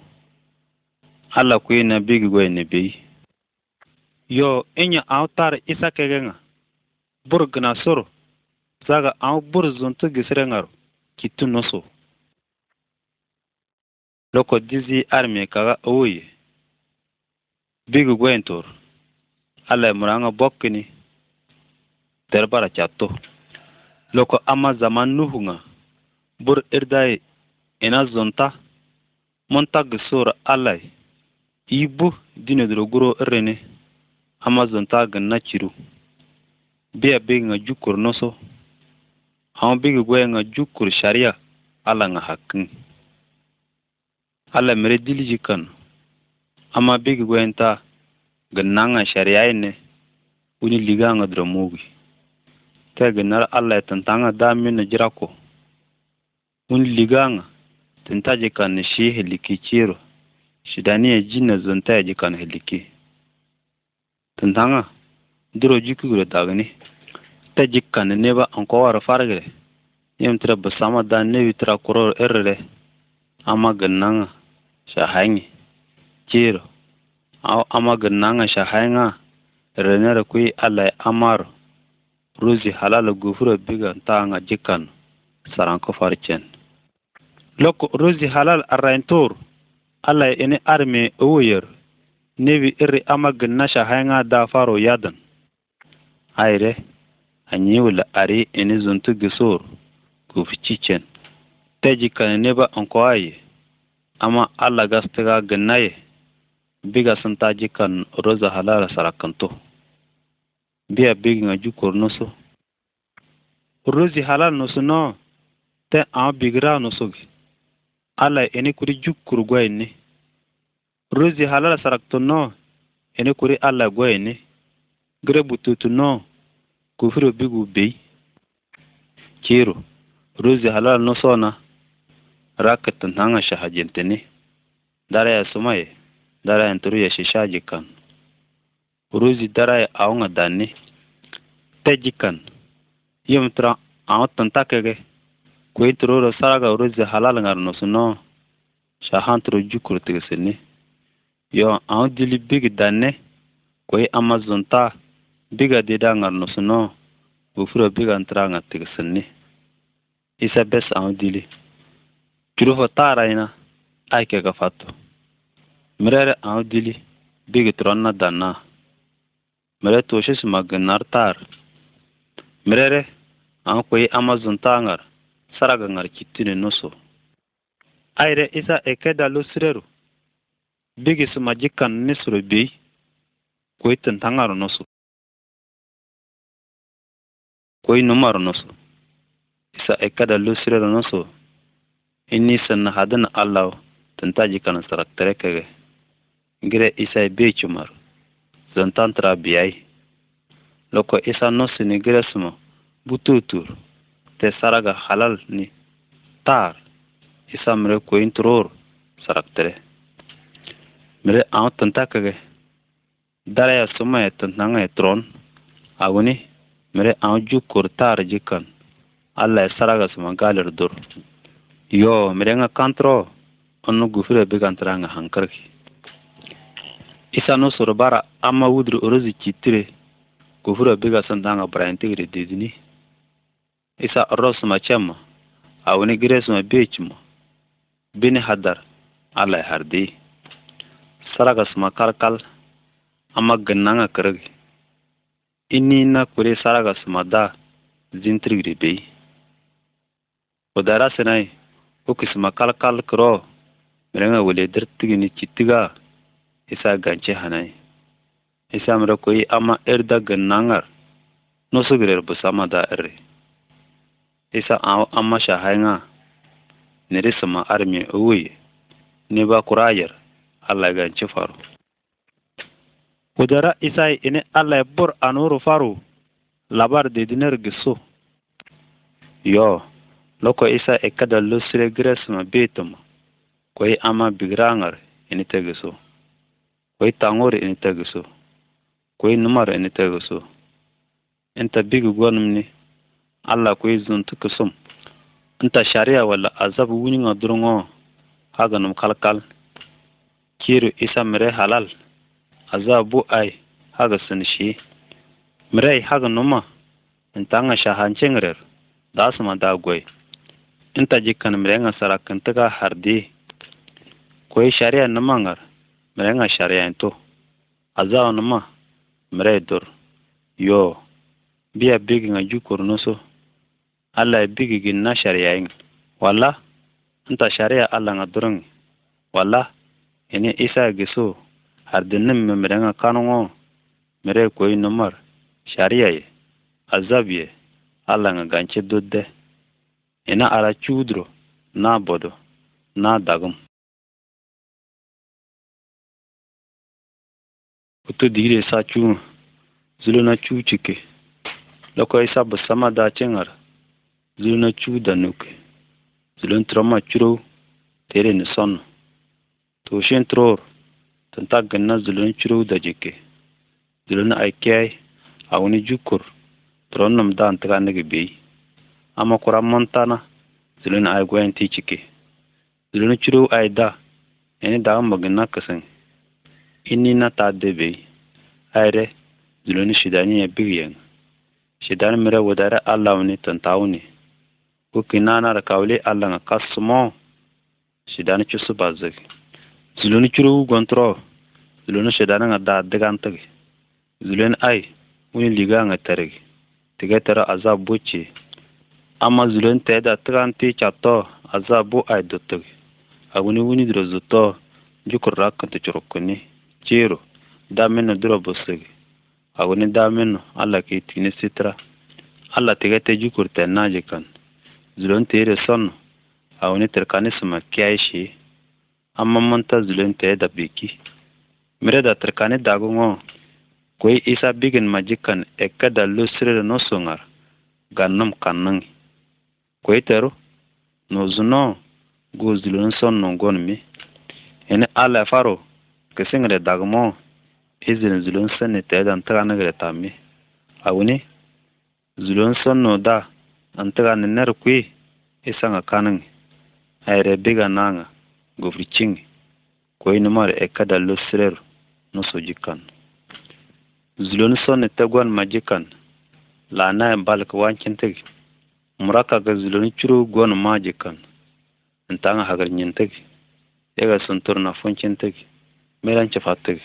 [SPEAKER 1] ala kuina bigi ne bei yo inya an tar isa nga buru gina soro zaga an buru zonto gisire ŋaro kitu noso loko dizi arme kaga owoye bigi goyen toru ala alla muraŋa bokkini derbara chatto loko ama zaman nuhuŋa bur irdayi ina zonta mun taggi sura allai ibu dinodoro guro irini amma zunta ginna ciru biya nga jukur nusu hau bigi nga jukur sharia ala nga hakin ala mere diliji kan ama bigi gwen ta shari'ai e ne wuni liga dəra mugi ta gənar allah təntaŋa na jirako wuni ligaŋa tənta kan ni shi heliki ciro ya e jina zonta jikan heliki təntaŋa duro jikigiro ne te jikan neba ankowaro fargire yem ba sama da nebi tira kuroro irrire amma gənnaŋa shahaŋi ciro a amagən naŋa sahayaŋa renere kwi alai amar ruzi halala gufura biga taŋa jikan kofar farcen loko ruzi halal arrayntur alai ini arme ne bi iri amagən na sahayaŋa da faro yadan anyi anyiwla ari ini zuntu gisur gufi cicen teji kan neba onko aye ama alla gastiga gənnaye biga sun t'a kan roza halara sarakanto biya bigin a jukur nusu rozi halal nusu noo tɩ bigira nusu gi ala ene kuri jukur gwai ne rozi halal sarak no ene kuri ala gwai ne gire bututu no kufiro bigu bei ciiru rozi halal na rakɩ tɩ nãngã ne dara ya suma dara darayen turu ya shisha jikan uruzi daraye awonga danni te jikan yim tra awon tantakege kuyi da saraga uruzi halal ngar nosuno shahan turu jukur ne yo awon dili bigi ko yi amazon ta biga dida ngar nosuno bufuro biga ntra ngar ne isa bes awon dili jurufo tarayina aike ga fatu Mirɛre an dili bigi turonna danna Mirɛ tooshesima ginnar taar. Mirɛre ã kpei ama zuntaaŋar saraga kittine nusu. Aire isa eke da ekeda losireru bigisima jikan nisuru bi koi tantangar nusu. Koi numar nusu. Isa eke ekeda losireru nusu ini na hadin Allau tinta jikan sirak terekege. ngire isa bechumar zontan tra biyay loko isa nosini giresmo bututur te saraga halal ni tar isa mre koyin saraktere mre aw tantakage daraya sumaye ya tron awuni mre aw jukur tar jikan alla saraga suma galer dur yo mre nga kantro onu gufire bigantara nga hankarki isa n'usoro bara ama wudre orozi chitire kovura bega sandanga brian tigre dedini isa oros ma chama awone gires ma bech ma bini hadar ala hardi saraga sma kalkal ama gannanga kirgi ini na kure saraga sma da zintrigre bei odara senai ukisma kalkal kro merenga wule dirtigini chitiga isa ganci hanai isa mra koi ama erda gannangar nosugrer busama da erre isa ama shahainga niri sama armi uwi ne ba kurayar Allah ganci faru kudara isa ini Allah bur anuru faru labar dinar giso yo loko isa ekada lusire gresma bituma koi ama bigrangar ini tegiso kwai taŋore ini tegisu kwai numar ini tegisu inta gwanum ni alla kwai zunti kisum inta sharia walla azab wuniŋa durŋo haganum kalkal kiru isa mire halal azabu ai haga sunishi shi mire haga numa shahan chengrer dasma da gwai inta jikkan mire nga sarakin tiga hardi kwai sharia numangar mrenga sharya ento aza onma mre dur yo bia bigi nga jukor no so alla e bigi gi na sharya ing wala nta sharya alla nga durung wala ene isa gi so har dinne me mrenga kanongo mre koi nomar sharya ye
[SPEAKER 2] aza alla nga ganche dudde ena ara chudro na bodo na dagum sa chu zulu na chu chike
[SPEAKER 1] loko isa bu sama da cheŋar zuli na chu danuki zulun turo ma churo teere ni tror tanta ganna zulu na churo da jike zulu na kiyai awuni jukur nam da tiga nigi bey ama kura montana zulu na aigwen ti chike zulun churou ai da ini dagimba ginna kisiŋ. inina ta debe aire zuloni shidani ya biyen shidani mere wadare allah ne tantawuni ko kinana da kawle allah na kasmo shidani cusu bazik zuloni curu gontro zuloni shidani na da digantigi zuloni ai wuni liga nga terigi tiga tara azab buci amma zuloni da tiganti cato azab bu ai dottigi aguni wuni dro zutto jukurak ta curukuni cero damino duro bosege agoni damino ala ke tini sitra ala tege te jukur te tennaje kan zulon te ire tere sonno agoni tirkanisma kiyaishe amma monta zulon te da biki mire da tirkani ngo koi isa bigin majikan ekka da lusire no sungar gannum kannangi koi teru no zuno go zulon sonno gonmi ene ala faro kisengre dagmo izin zulun sanni te dan taganigre tammi awuni zulun sanno da an tagani ner kwi isanga kanin ayre biga nanga gofricing koy numar e kada losrer nuso jikan zulun sanni jikan. majikan lana e balk wancintig muraka ga zulun curu gon majikan ntanga hagar nyintig ega sunturna funcintig mera nchefatịghị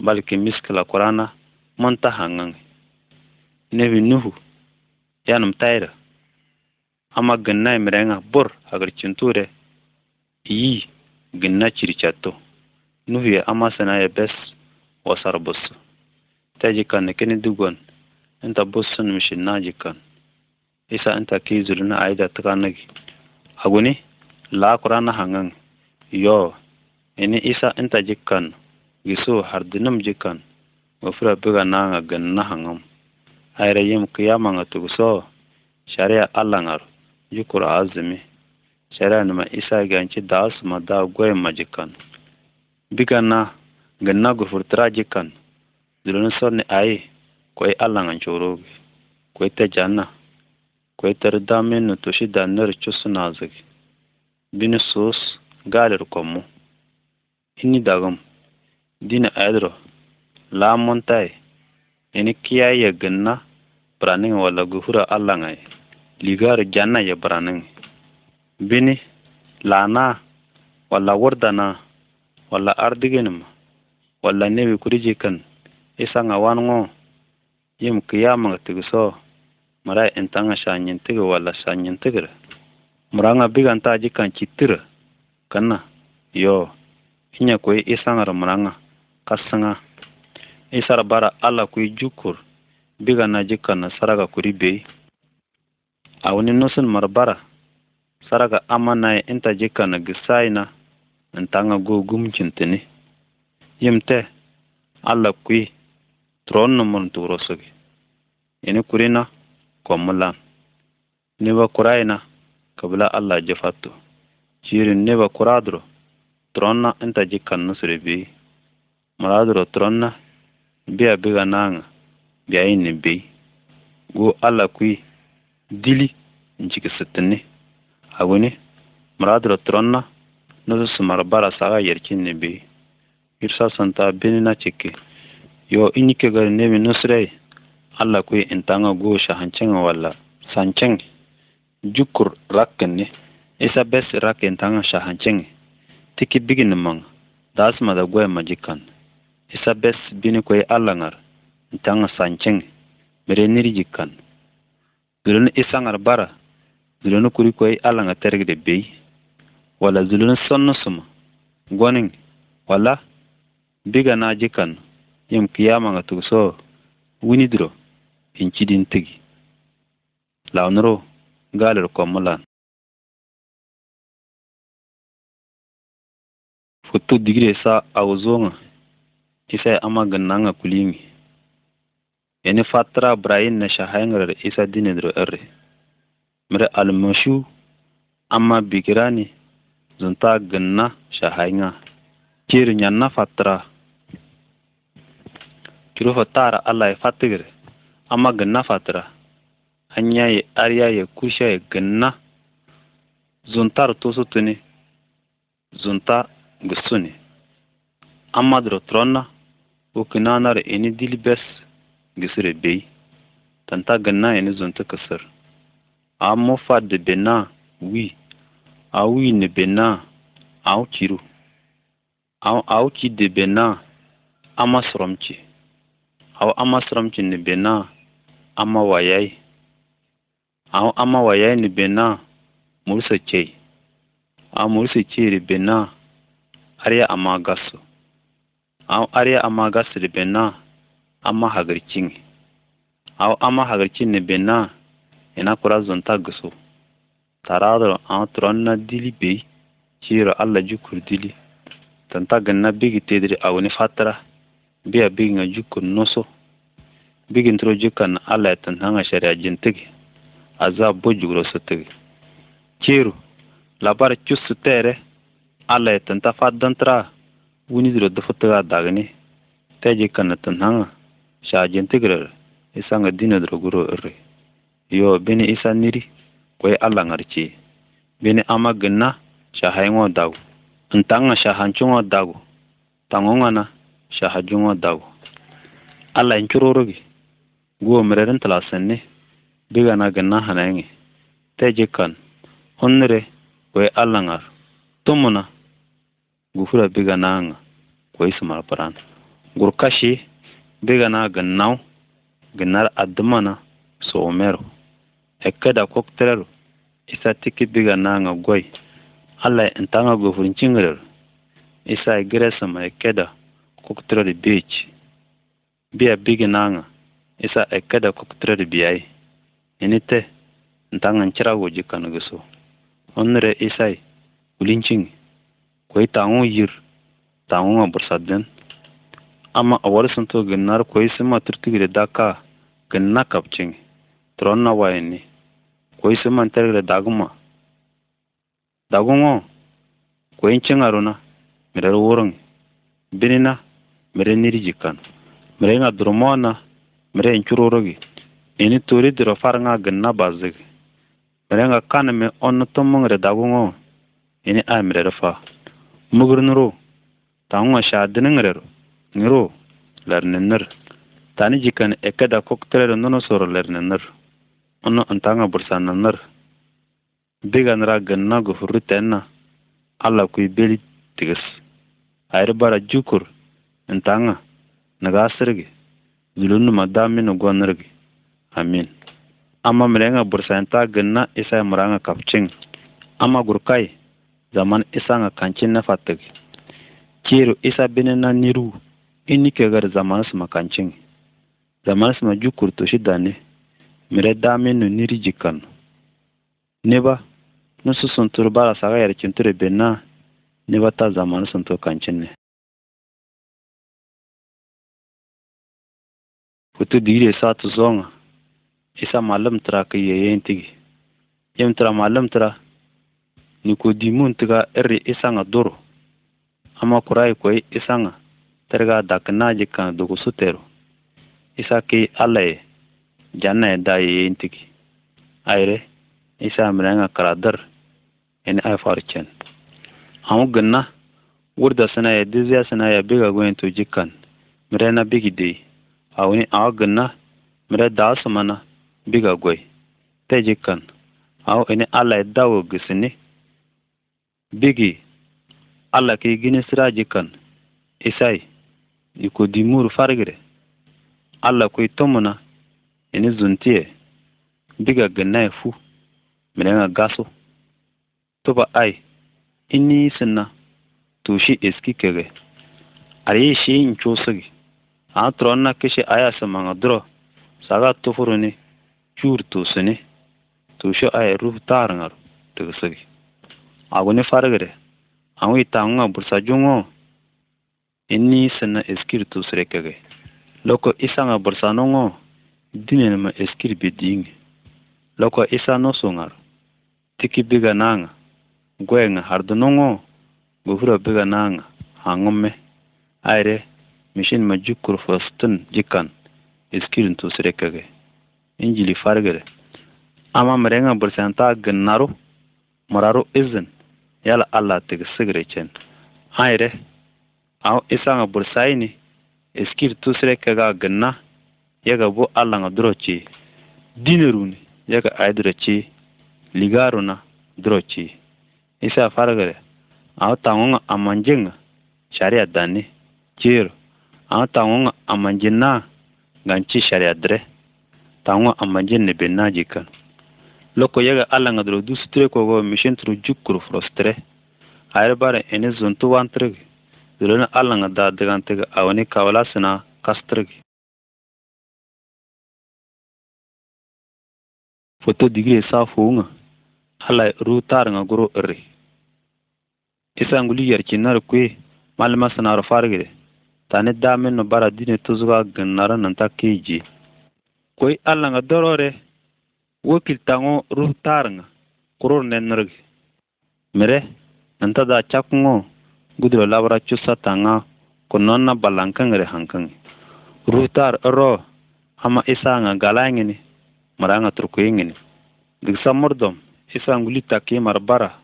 [SPEAKER 1] balki miskila kwarana manta hangang nebi nuhu yanum tayra ama ginnai mirenŋa bur hagir cinture gina ginna ciricatto nuhu ama ya bes wasar taji kan ne kini dugon inta bussun mishinna kan isa inta kizurina aida tikanigi aguni la kurana hangang yoo ini isa inta jikkan gisu hardinum jikkan gofura biga nanga ganna hangam ayra yim qiyama nga tugso sharia allangar yukur azmi sharia numa isa ganci daas ma da goy ma jikkan biga na ganna gofur tra jikkan dulun sorni ay koy allangan chorogi koy ta janna koy tar damen no tushi danner chusna zagi bini galir komu ini inidagum dina montai ini kia ya genna praning wala gofura allaŋai ligar janna ya praning bini laanaa wala wurdanaa wala ardiginima walla nebi kurjikin isaŋa wanŋoo yim kiyamaŋa tigisoo mura i intaŋa shaanyintigi walla shaanyintigire muranga bigan taa jikan cittire kinna yoo hinya kwe isaŋar muraŋa ka isar bara ala kwi jukur biga na na saraga kuri bei awuni nusin mar bara saraga amana inta inta na gisaina ntaŋa go gumcintini yimte ala kwi turon numur tuuro sugi ini kurina komulan niba kuraina kabila ala jefatu cirin niba kuradro tronna nta jikannu sire bei muladuro tronna biya biga naŋa biyayin ni bei go ala kui dili njiki sitini aguni muladuro tronna nusu sumar bara saga yercin ni bei irsa santa bini na ciki yo inike gari nemi nusrei alla kui intanga go shahancenga walla sanceng jukur rakkenni isa bes rakkintanga shahancengi tiki bigin maŋ da goyama majikan isa bes bini kwei alaŋar n taŋa sanchiŋ mere niri jikan zulun isaŋar bara zulun kuri alangar alaŋa de bei wala zulun sonnu suma goniŋ wala biga na jikan yim kiyamaŋa tugso winidiro pincidi n tigi
[SPEAKER 2] launiro galir komulan Foto digre sa awuzonŋa
[SPEAKER 1] ti ama gannanga kulingi ene fatra brain na shahaŋarar isa dinedro erre mere almashu amma bigirani zunta ganna shahayiŋa kiyero ɲanna fa tira. Curu fo taara Allai fatigire amma ganna fatra hanya ya arya ya kusha ya ganna zuntar tusutini zunta gusuni suni. Amma dərə təronna, u kinanar dilibes dili bes gəsirə bey. Tanta eni zonta kasar kəsir. Amma fadda bena wi, a wi ni bena au kiru. Au ki de bena ama sərəmki. Au ama sərəmki ne bena ama wayai. Au ama wayai ne bena mursa kei. A mursa kei bena arya amma gasu gasso arya amma gasu de benna amma hagarcin kingi aw amma hagarcin ne benna ina kura zonta gaso tarado an tronna dili be ciro alla jukur dili tanta ganna bigi tediri awuni fatara biya bigi nga jukur noso bigi turo jukan allah ya tan hanga shari'a jintigi azab bo jugro sotigi ciro labar cusu tere Allah ya tanta faddan tra wuni zuro da futaga dagani ta je kana tan hanga shajen er, isa isanga dina droguro irre er yo bini isa niri koy Allah ngarce bini ama ginna shahayngo dagu ntanga shahanchungo dagu tangongana shahajungo dagu Allah inchurorogi guo mereren tlasanne bigana ginna hanangi te je kan honre koy Allah ngar tumuna gufura biga naaŋa ko yi sumar paran gur kashi biga naa ginnaw ginnar adimana soomero ekkeda kokterero isa tiki biga naaŋa goy alla ntaŋa gofurin ciŋirero isa giresama ekkeda kokterero beej biya bigi naaŋa isa ekkeda kokterero biyay inite ntaŋa ncirago jikanigiso onire isai Kulinchiŋ kôi taŋuu yir taŋuŋa bursadin. Amma owor sẽn tugə sun kôi səma tûrtugire dakaa ginna kabciŋ turon na wayini. Kôi səma nterigire daguma. Daguŋo kôi nceŋaru na mire wurin, wuriŋ. Bini na mire niri jikan. Mire-ŋa durummoo na mire ncuruurugi. Ini toore duro fariŋa ginna bazigi. Mire-ŋa kanime unnu tummuŋire daguŋo ini amre rafa mugur nuro ta ngwa sha dinin ngero ngero larnin nar tani jikan ekada koktere nono soro larnin nar ono antanga bursan nar diga nra ganna go furtenna alla ku beli tigas ayr bara jukur antanga naga sirgi zulunnu madami no gonrgi amin amma mrenga bursan ta ganna isa muranga kapching amma gurkai zaman isaŋa na nafatəg. Kero isa bine na niru i nikegar zaman səma kanciŋ. Zaman səma shi da danni mire daamin nu niri jikan. ba nu susuntur bara saga
[SPEAKER 2] yercinture ne ba ta zaman sunto kancinni. Kutu digire tu zonga isa
[SPEAKER 1] malum təra kə yeyentigi. Yem tra malam tra nikodimun tiga iri isanga doro ama kurai koi isanga terga dakinaji kan dugusu teru isaki alaye jannaye dayeyentiki aire isa mirenŋa karadar en ay farcen aŋu ginna wurda ya e dizya ya e biga to jikan mirena bigi de awuni aw ginna mire da sumana biga gwei te jikan aw ene alaye dawo gisini bigi alla ke siraji jikan isai iko dimur fargire alla ko tomuna ini zuntie biga gannai fu minenga gaso tuba ai ini sinna tushi eski kege ariye shi in chosigi a tronna kishi aya samanga dro saga tufuruni churtu sini tushi ai ruf tarngar tugsigi aguni farigiri aŋ itaŋuŋa bursa juŋo ini sina eskiri tusire kege loko isaŋa bursanuŋo dinenima eskir bidiiŋe loko isa nusuŋar tiki biga naaŋa gweŋa hardunuŋo gofura biga naaŋa haŋumme ayre michinima jukur fostin jikan eskirin tusire kege injili farigire ama mireŋa bursan ta ginnaru muraru izin yala alla tig sigrecen ayre aw isaŋa bursayini iskir tusre kega gina yaga bu allaŋa duroci dineruni yaga ay duroci ligaruna duroci isa fargare aw taŋuŋa amanjiŋa sharia danni jiro aw taŋuŋa amanjinna ganci shariya dire taŋuŋa amanjin ni binna jikan loko yaga alanga duro du sutre ko go mission tru jukkur frostre
[SPEAKER 2] ayre bare ene zuntu wantrug duro na alanga da deganteg awani sina kastrig foto digre sa fuunga ala ru taranga guru erri
[SPEAKER 1] isanguli nar kwe malma sanar fargire tani damin no bara dine tuzuga gannara nan keji koi alanga dorore wo kiltango ruh tarnga kurur nenrg mire nanta da chakungo gudro labra chusa tanga kunonna balankangre hankang ruh tar ro ama isanga galangini maranga turkuingini digsa murdom nguli taki marbara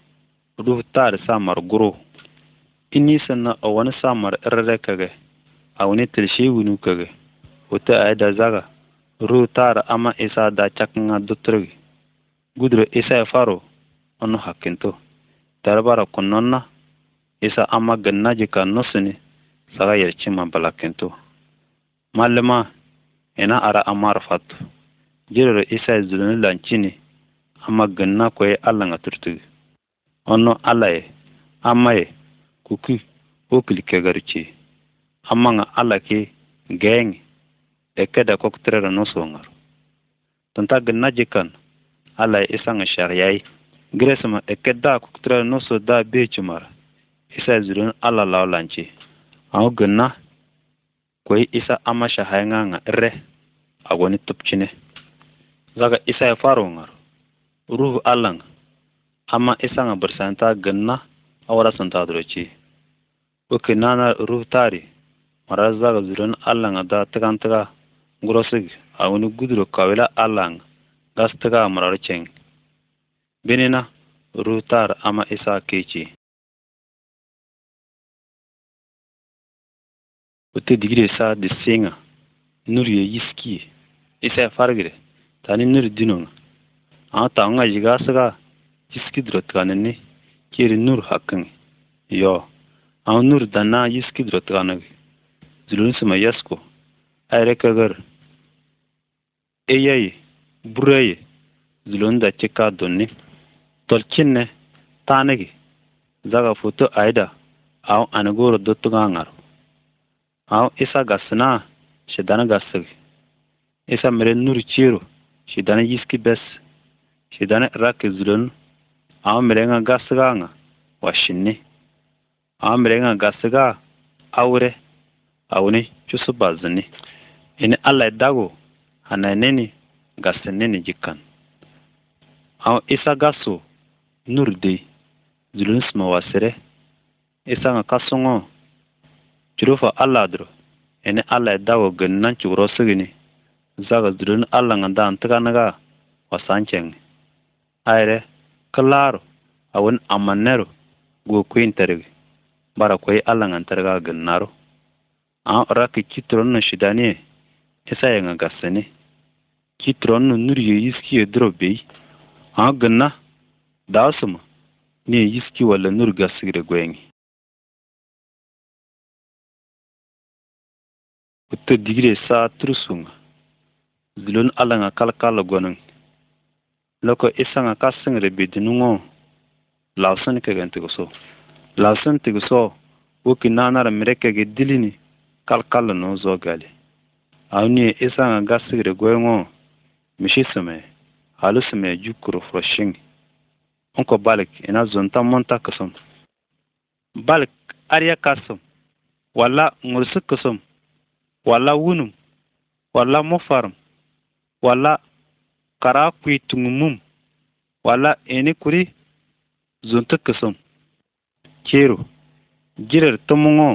[SPEAKER 1] ruh tar sa mar guru ini sanna awani samar irrekage awani tilshi wunu kage wata ayda zaga ruutar ama isa da dacakŋa dutrug guduro isa e faro onu hakinto darbara kunnonna isa ama ganna jika nusini saga yercima balakinto mallima ina ara amar fattu jiroro isa e zulun lancini ama ginna koye allaŋa turtugi onu e, ama amaye kuki okilikegarci amaŋa alake geng ekeda koktrera no songar tanta gna jikan ala isanga shariyai gresma ekeda koktrera no so da bechumar isa zurun ala lanchi aw gna koy isa ama shahayanga nga re agoni tupchine zaga isa ya faro ngar ruhu alang ama isa nga bersanta gna awara santa droci ukinana ruhu tari mara zaga zurun ala nga da tekan ngurosig wani gudro kawila alang
[SPEAKER 2] gastaga murarceng binina rutar ama isa keci ote digire sa de senga nur ye yiski isa fargire tani nur
[SPEAKER 1] dinon a tanga jigasiga yiski drotganini kiri nur hakkın yo a nur dana yiski drotganig zulun sima yasko arekegər, eyay, burey, zulonda cika donni, tolkinne, tanegi, zaga futu ayda aw anigoro dottuga ŋar, aw isa gasna, shidana gasigi, isa mere nur ciro, shidana yiski bes, shidana iraki zulon, aw mereŋa gasiga ŋa, washinni, aw mereŋa gasiga awure, awuni cusu bazinni. ini allah dago nini hananeni nini jikan A isa gaso nur de zulun suma wasire isa nga kasungo curufa allah duro ini allah dago gennan cuguro sigini zaga zulun allah nga dan tikanaga wasancengi ayre A awun amannero go kuin tergi bara koy allah nga terga gennaro an raki citron na shidanie esaya nga gasene ki tron nur ye
[SPEAKER 2] iski edro bey ha ganna dasuma ne iski wala nur gasire gwengi utta digire sa Zilun ala nga kalakala gonan
[SPEAKER 1] loko isanga kasingre bidinungo lawsan kegen tigso lawsan tigso woki nanara mirekege dilini kalakala no zo gali awni isaŋa gasigiri gɔli ŋɔ mishishimi halisimi ju kuri furushiŋ n ku balik ina zunta monta kisim balik arya kasim wala ŋurisi kisim wala wunum wala mofarum wala karakwi tungumum wala ini kuri zunti kisim kero girer timuŋɔ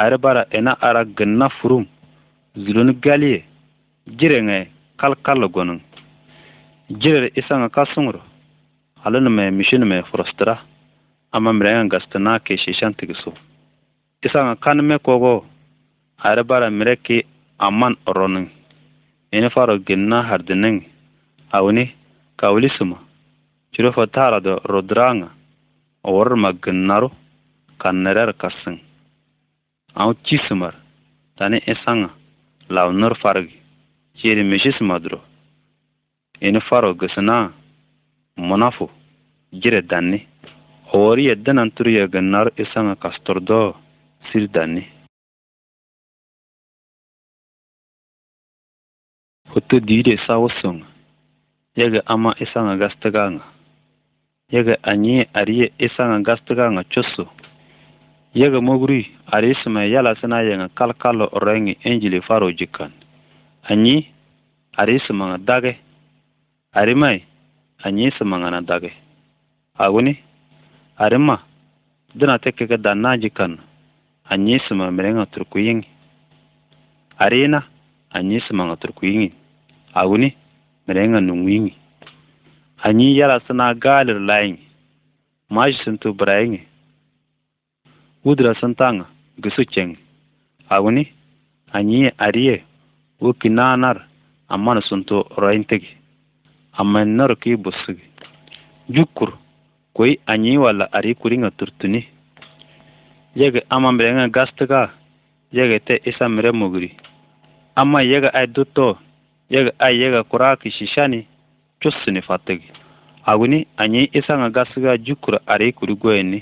[SPEAKER 1] ari bara ina ara ginna furum zulun gali jireŋe kalkalo isa jirer isaŋa ka suŋuro alanime mishinime forostira ama mireŋa gastina ke shishan tigisu isaŋa kanime kogo are bara mire ki amman oroniŋ ini faro ginna hardiniŋ awuni kawilisuma ciro fo tarado rodiraŋa oworma ginnaru kan nerer aw cisimar tani isaŋa nur farg chiri mishis madro ini faro gisina munafu jire danni hoori
[SPEAKER 2] yeddenan turiye ginnar isaŋa kastordo sir danni hoto diide sawusuŋa yege ama Isanga gastaganga. yaga anyi ariye isaŋa
[SPEAKER 1] gastaganga cusu yega mogri arisme yala sina yenga kalkalo rengi enjili faro jikan anyi arisme nga dage arimai anyi sima nga na dage aguni arima dina teke ka dana jikan anyi sima merenga turkuyingi arina anyi sima nga turkuyingi aguni merenga nungwingi anyi yala sina galir layingi majisintu sintu wudra santaŋa gisu ceŋ aguni anyi ariye wo kinaanar amman suntu royintigi amannor ki busugi jukkur koi anyi walla ari kuriŋa turtuni yege ama mbireŋa gastiga yege te isa mire muguri ama yege ay dutto yege ay yege kuraki shishani cusini fatigi aguni anyi isaŋa gastiga jukkur ari kuri goyeni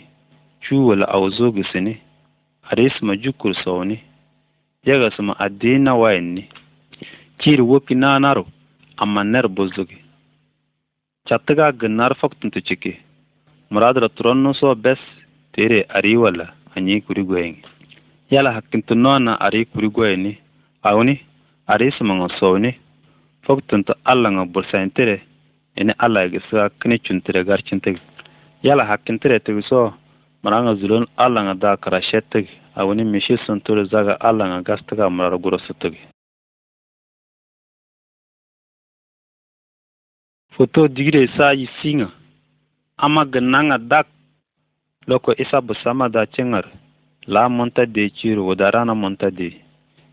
[SPEAKER 1] cuwol awzug sini ma jukur sowni na addina wayinni kir woki nanaru amma ner bozugi chattiga ginnar foktuntu ciki muradra turonnu so bes tere ari wala anyi kuri goyingi yala hakkintu a ari kuri goyini awni ari sumaŋa sowni foktuntu allaŋa bursayintire ini alla kani kini cuntire garcintigi yala tere tigi so
[SPEAKER 2] maranga zulun alanga da karashe tegi awuni mishi sunturi zaga alanga gastiga marar gurusu foto digire sa yi singa ama gananga da.
[SPEAKER 1] loko isa busama da ciŋar la monta de ciru wadarana monta de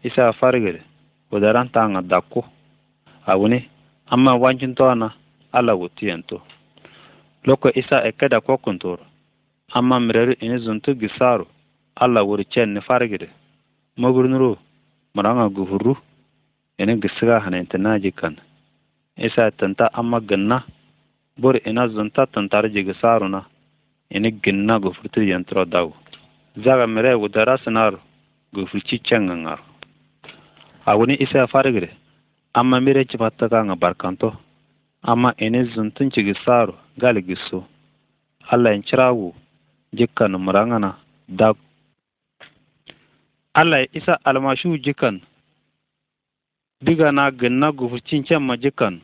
[SPEAKER 1] isa farigir wadaran taŋa dakku awuni ama wancintona ala to. loko isa ekeda kokuntur amma mirar ini zuntu gisaru Allah wuri cenni fargide moburnuru muranga guhuru ini gisiga hanenti najikan isa tanta amma ganna bur ina zunta tintar na ini ginna gufurtu yentro dawu zaga mire wudara sinar gufurci A awuni isa fargide amma mire nga barkanto amma ini zuntun cigisaru gali gisu allah in cirawu jikan murangana da Allah isa almashu jikan diga na ganna gufurcin can ma jikan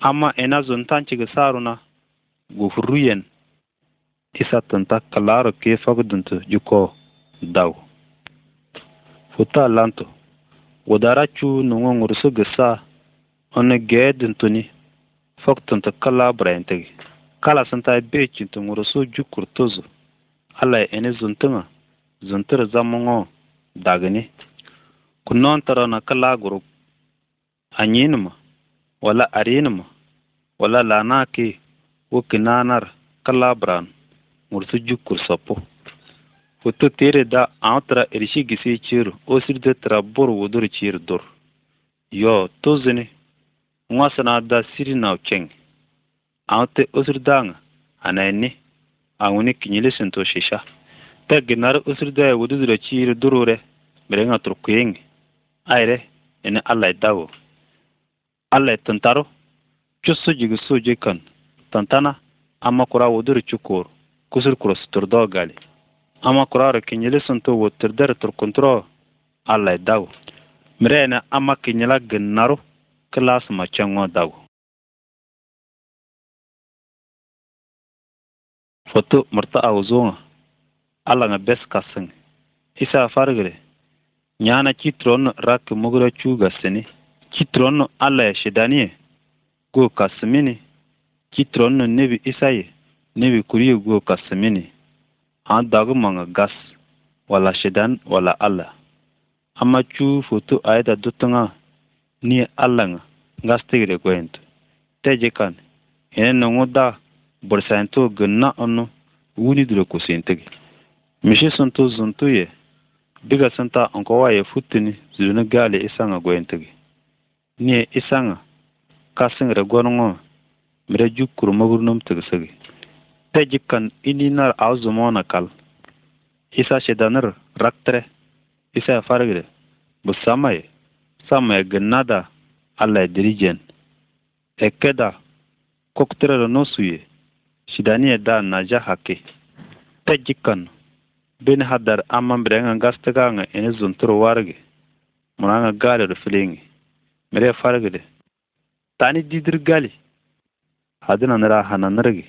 [SPEAKER 1] amma ina zuntan ciga saruna gufurruyen isa tunta kalaro ke fagduntu jiko daw futa lanto wadara wadarachu nungo ngursu gisa onu geedintuni fagtuntu kala brayintigi kala sẽn tar bee kĩ tɩ so ju kurtozo ala ya ẽne zũntɩŋa zũntɩr zamɔŋɔ dagini ku tara na ka laagʋrʋ a wala a rɩɩnema wala lanake woki naanar ka laabran ŋʋrʋsʋ jukur sapo foto tere da antra tara eresi gisi ciiru osirde tara bur wudur ciir dur yo tozini ŋɔsena da sirina na aŋte osur daaŋa anayinni aŋuni kinyili sinto shisha ta ginar ya daya wududura ciiri durure mirenga turkuyengi ayire ini allai dawo allai tuntaru cusu jigi suji kan tantana amma kura wuduru cukuru kusur kuro suturdo gali amma kuraro kinyili sinto wotirdere turkunturo
[SPEAKER 2] allai dawo mirene amma kinyila ginnaru kilasuma ceŋo dawo foto murta awzoŋa ala ŋa bes kasiŋ isa farigire
[SPEAKER 1] nyana citronno rak mugra cuuga sini citronno alla ye shidaniye go kasimini citronno nebi isaye nebi kuri go kasmini an dagu dagumaŋa gas wala shidan wala alla amma cuu foto ayida dutiŋa ni alla ŋa ngastigire gwentu te jikan ine nuŋu Borsaento ginna onu wuni duro kusintigi mishi sintu zintu ye diga sinta nkowa ye futini zilini gaali isaŋa goyintigi niye isaŋa ka siŋiri gɔriŋɔ mire ju kuri mogirinum tigisigi te jikan ininar na kal isa shedanir raktire isa farigire bu samaye samaye ginna da alla dirijen ekkeda koktirero nosuye sidani e da ja hake ta jikan bin hadar amman birenga gastaga nga ene zunturu warge munanga gale do filingi mere fargide tani didir gali hadina nara hana nirgi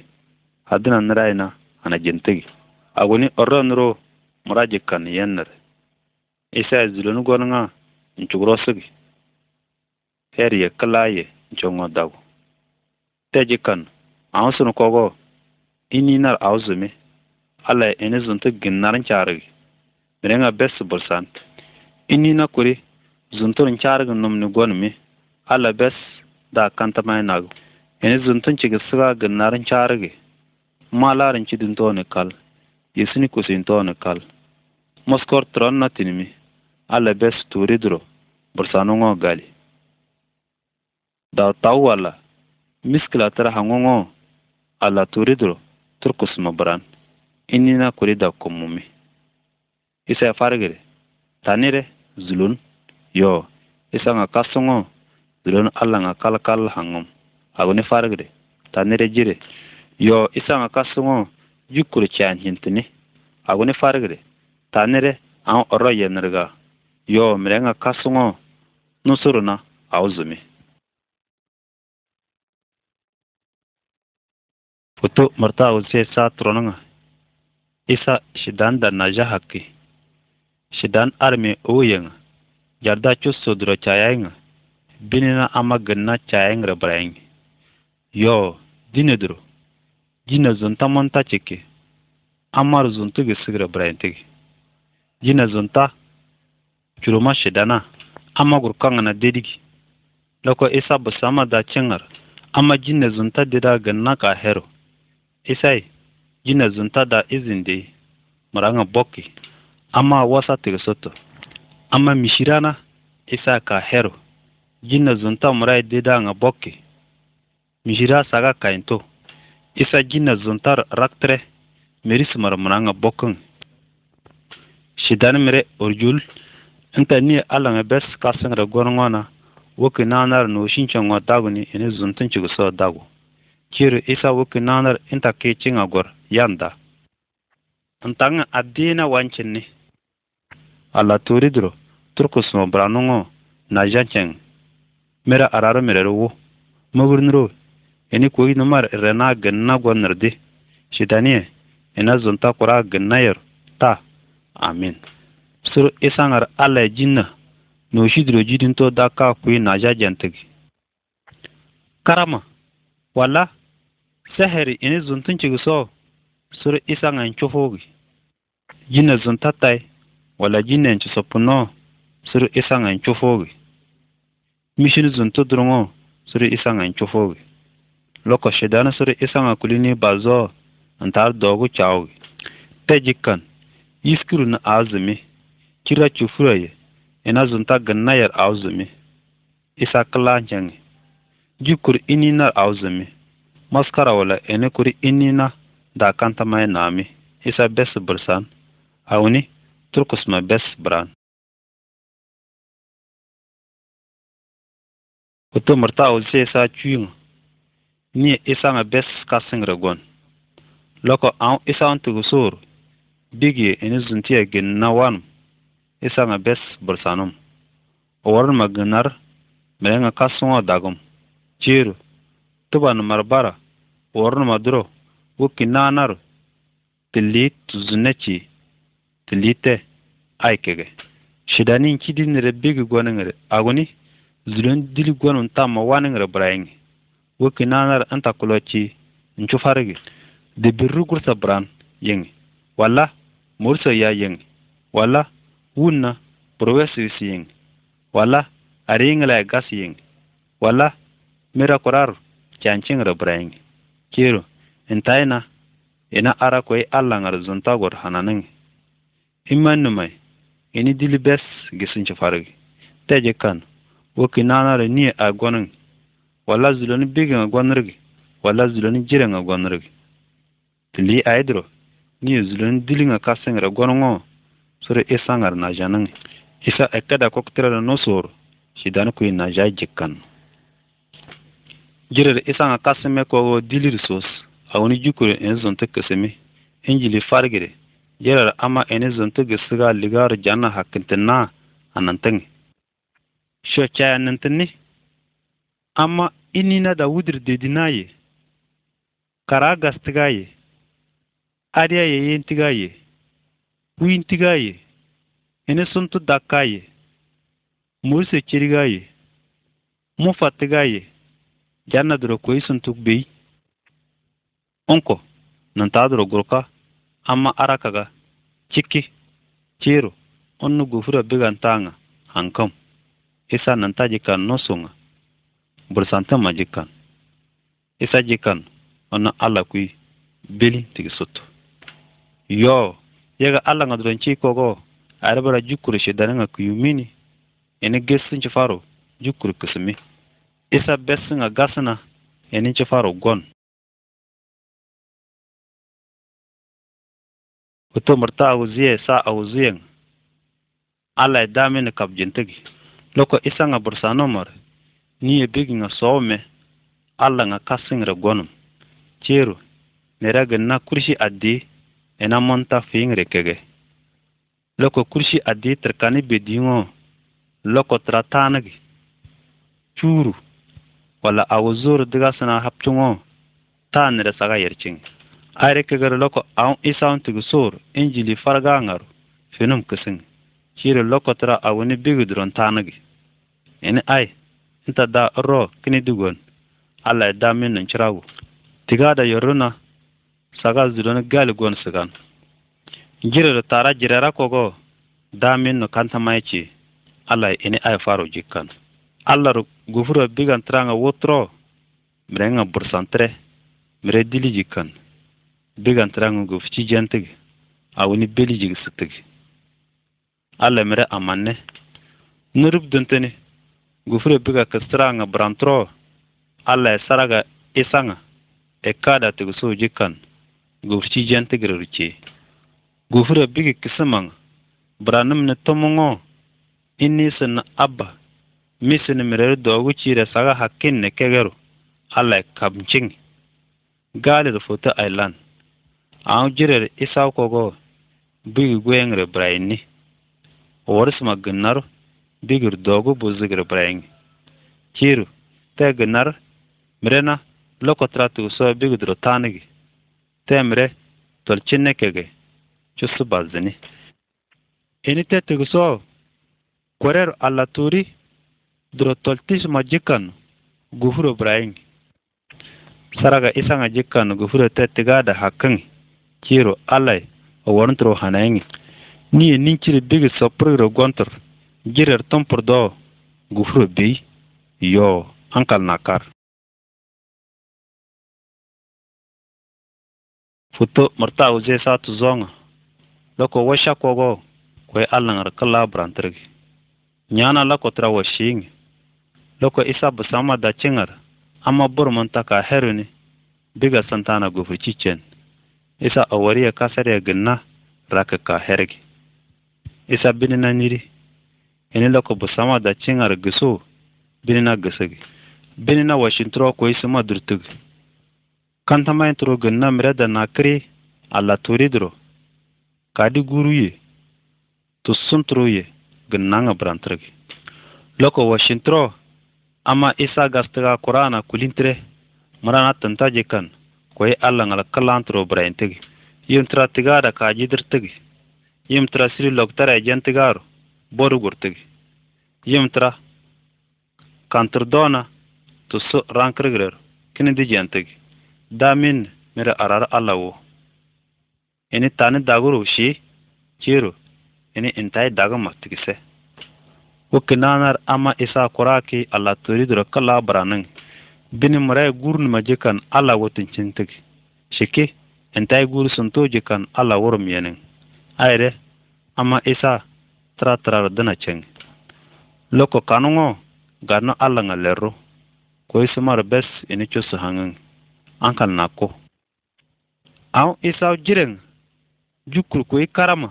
[SPEAKER 1] hadina nara ina hana jintigi aguni orron ro mura jikan yennir isa zulun gonnga ncugro sugi her ye jongo ye ncongo dagu te jikan awsunu kogo Ini nar auzumi ala ini zuntu ginnar carigi mirenga besi ini na kuri zunturin carigi numni gonumi ala bes da kanta mai nagu ini zuntun cigi siga ginnarin carigi malarin cidin toni kal yesini kusin toni kal moskor tron na tinimi ala bes turidiro bursanungo gali da tawwala miskila tara hangongo ala turidro turkusuma buran n kuri kuli da kommumi isa farigire tanire zulun yo isa nga kasungo zulun alla nga kal hangum aguni farigire tanire jire yo isa nga kasungo yukkuri chan hintini aguni farigire tanire an oro yenirga yo mire nga kasungo nusuruna auzumi Futu marta ulse sa tronunga. Isa shidan da na ja hakki. Shidan arme uyeng. Yarda chu sudro chayeng. Binina ama ganna chayeng rabrayeng. Yo, dinedro. Dina zunta monta chiki. Amar zuntu gisigra brayentigi. Dina zunta curuma shidana ama gurkanga na dedigi. Loko isa busama da chingar. Ama jine zunta dida ganna ka hero. isai jina zunta da de maranga boki ama wasa soto ama mishirana isa ka hero jina zunta murai deda nga boki mishira saga kainto isa jina zuntar raktre meris mara maranga bokin shidani mire orjul inta ni nga bes kasangra gorngona woki nanar no shinchango daguni ene zuntun chigso dagu kiri isa wuki nanar inta kicin agor yanda ntanga adina wancinni alla turidro no branungo na janceng mera araro merero wo maburnro eni kogi numar rena ganna gonrdi shidanie ena zonta kura gannayer ta amin sur isangar alla jinna no shidro jidinto daka kuyi na jajantigi karama wala seheri ini zuntun chigi so sur ngan chuhugi jine zuntatai wala jine nchi sopuno sur ngan chuhugi mishini zuntu durungo sur ngan chuhugi loko shidana sur ngan kulini bazo antar dogu chaugi tejikan yiskiru na azumi kira chufuraye ina zunta gannayar azumi isa kalanjangi jukur na azumi maskara wala ene kuri inina da kanta mai nami
[SPEAKER 2] isa bes bursan auni turkus ma bes bran Uto murta se sa chuing ni isa ma bes kasing ragon loko au isa on
[SPEAKER 1] tugusur bigi ene zuntia ginnawan isa ma bes bursanum warma ginar melenga kasuwa dagum jiru tuban marbara worn maduro wo kinanar tilit zunechi tilite aikege shidanin kidin rebbigi goningre aguni zulon dili gonun tamma waningre brayingi wo kinanar anta kulochi nchu farigi de birru gursa bran yengi wala murso ya yengi wala wunna prowes wisi yengi wala ariingla gas yengi wala mira kurar chanchingre brayingi kero intaina ina ara koi ngar zunta gor hananin himman numai ini dili bes gisin ci farg teje kan woki re ni a gonin wala zuloni bigin a gonirgi wala zuloni jiren a gonirgi tili aidro ni zuloni nga kasin kasingra gonongo sore isangar na janin isa ekada koktirada sor sidan ku ina ja jikkan isa isaŋa kasime kogo dilir sos awuni jukure en zonte kesemi jili fargire jirere ama zonta ga siga ligar janna hakkinte na anantin sho caya nintini ama inina da wudir de ye kara gastigaye ye ariya ye yentiga ye kuyintiga ye ini suntu dakka ye murse ciriga ye mufattiga ye janna duro koy suntuk bi onko nan ta duro gurka amma ga cikki ciro onnu gufura bigan tanga hankam isa nan ta jikan nosunga bursanta majikan isa jikan onna alla kuy beli tigi suttu yo yega alla nga duron cikogo jukuru jukkuru shidaniŋa kuyumini
[SPEAKER 2] ene gesin ci faro jukuru kisimi isa a gasana yanin ci faro gon uto murta auziye sa a auziyen ala ya damini
[SPEAKER 1] kabjintigi loko isa nga ni niye bigi nga me, ala nga kasingra gonum ceru neragin na kurshi addi ena monta fingre kege loko kurshi addi tirkani bediŋo loko tratanagi, churu, wala walla awuzur diga sina haptungo ta nida saga yercing ayre kegere loko aun isaun tigi sur injili farga ngaru finum kising chiri loko tira awuni bigu duron tanagi ini ay inta da ro kini dugon alla da min nun chiragu tiga da yoruna saga zidon gali gon sigan da tara jirara kogo da min nu kanta maici alla ini ay faru jikkan allar gufura bigan tranga wotro mrenga bursantre mre dilijikan bigan tranga gufchi jantig awuni belijig sutig alla mre amanne nurub dunteni gufura biga kstranga brantro alla saraga isanga ekada tigusu jikan gufchi jantig ruchi gufura bigi kisamang branam ne tomongo inisen abba misini mirer dogu chire saga hakkin ne kegeru alla e kamching gali do foto island aw jirer isaw kogo bigi gwengre brainni oris magnar digir dogu buzigir brain chiru te gnar mirena loko tratu so bigi dro tanigi temre tolchinne kege chusu bazini enite tegso kwerer alla turi duro ma jikkan gufuro brayin saraga isaŋa jikkan gufuro da hakkiŋ kiro alay o wornturo hanayiŋ niye ninciri bigi sopurigiro gontur girer
[SPEAKER 2] tumpur do gufuro bi yo ankal nakar futo murta uze satu zonga. loko washa kogo kwe alangar kala burantirigi
[SPEAKER 1] nyana lako trawa shingi loko isa busama da ciŋar ama ka taka heruni diga santana gufu cicen isa awariye kasariye ginna raki ka hergi isa na niri ini loko busama da ciŋar gisu binina gisigi washin washinturo ko isima durtugi kantamayinturo ginna mireda nakiri alla turidiro kadi guruye tusunturo ye ginnaŋa burantirigi loko washinturo amma isa gastaga qur'ana kulintre marana tanta jekan koy alla ngal kalantro braintigi yim tra tigada ka tigi. yim tra siri loktara jentigaro boru gurtigi yim tra kantrdona tusu rankrigrer kinidi jentigi damin mira arar alla wo ini tani daguru shi chiru ini intai dagamak tigise wokinanar ama isa kuraki ala tori duro kala baranin bini murai gurni majikan ala watin cintik shike entai guri sunto jikan ala warum yanin aire ama isa tra tra dana ceng loko kanungo garno ala ngalero koi sumar bes ini cusu hangin ankal nako aw isa jiren jukul koi karama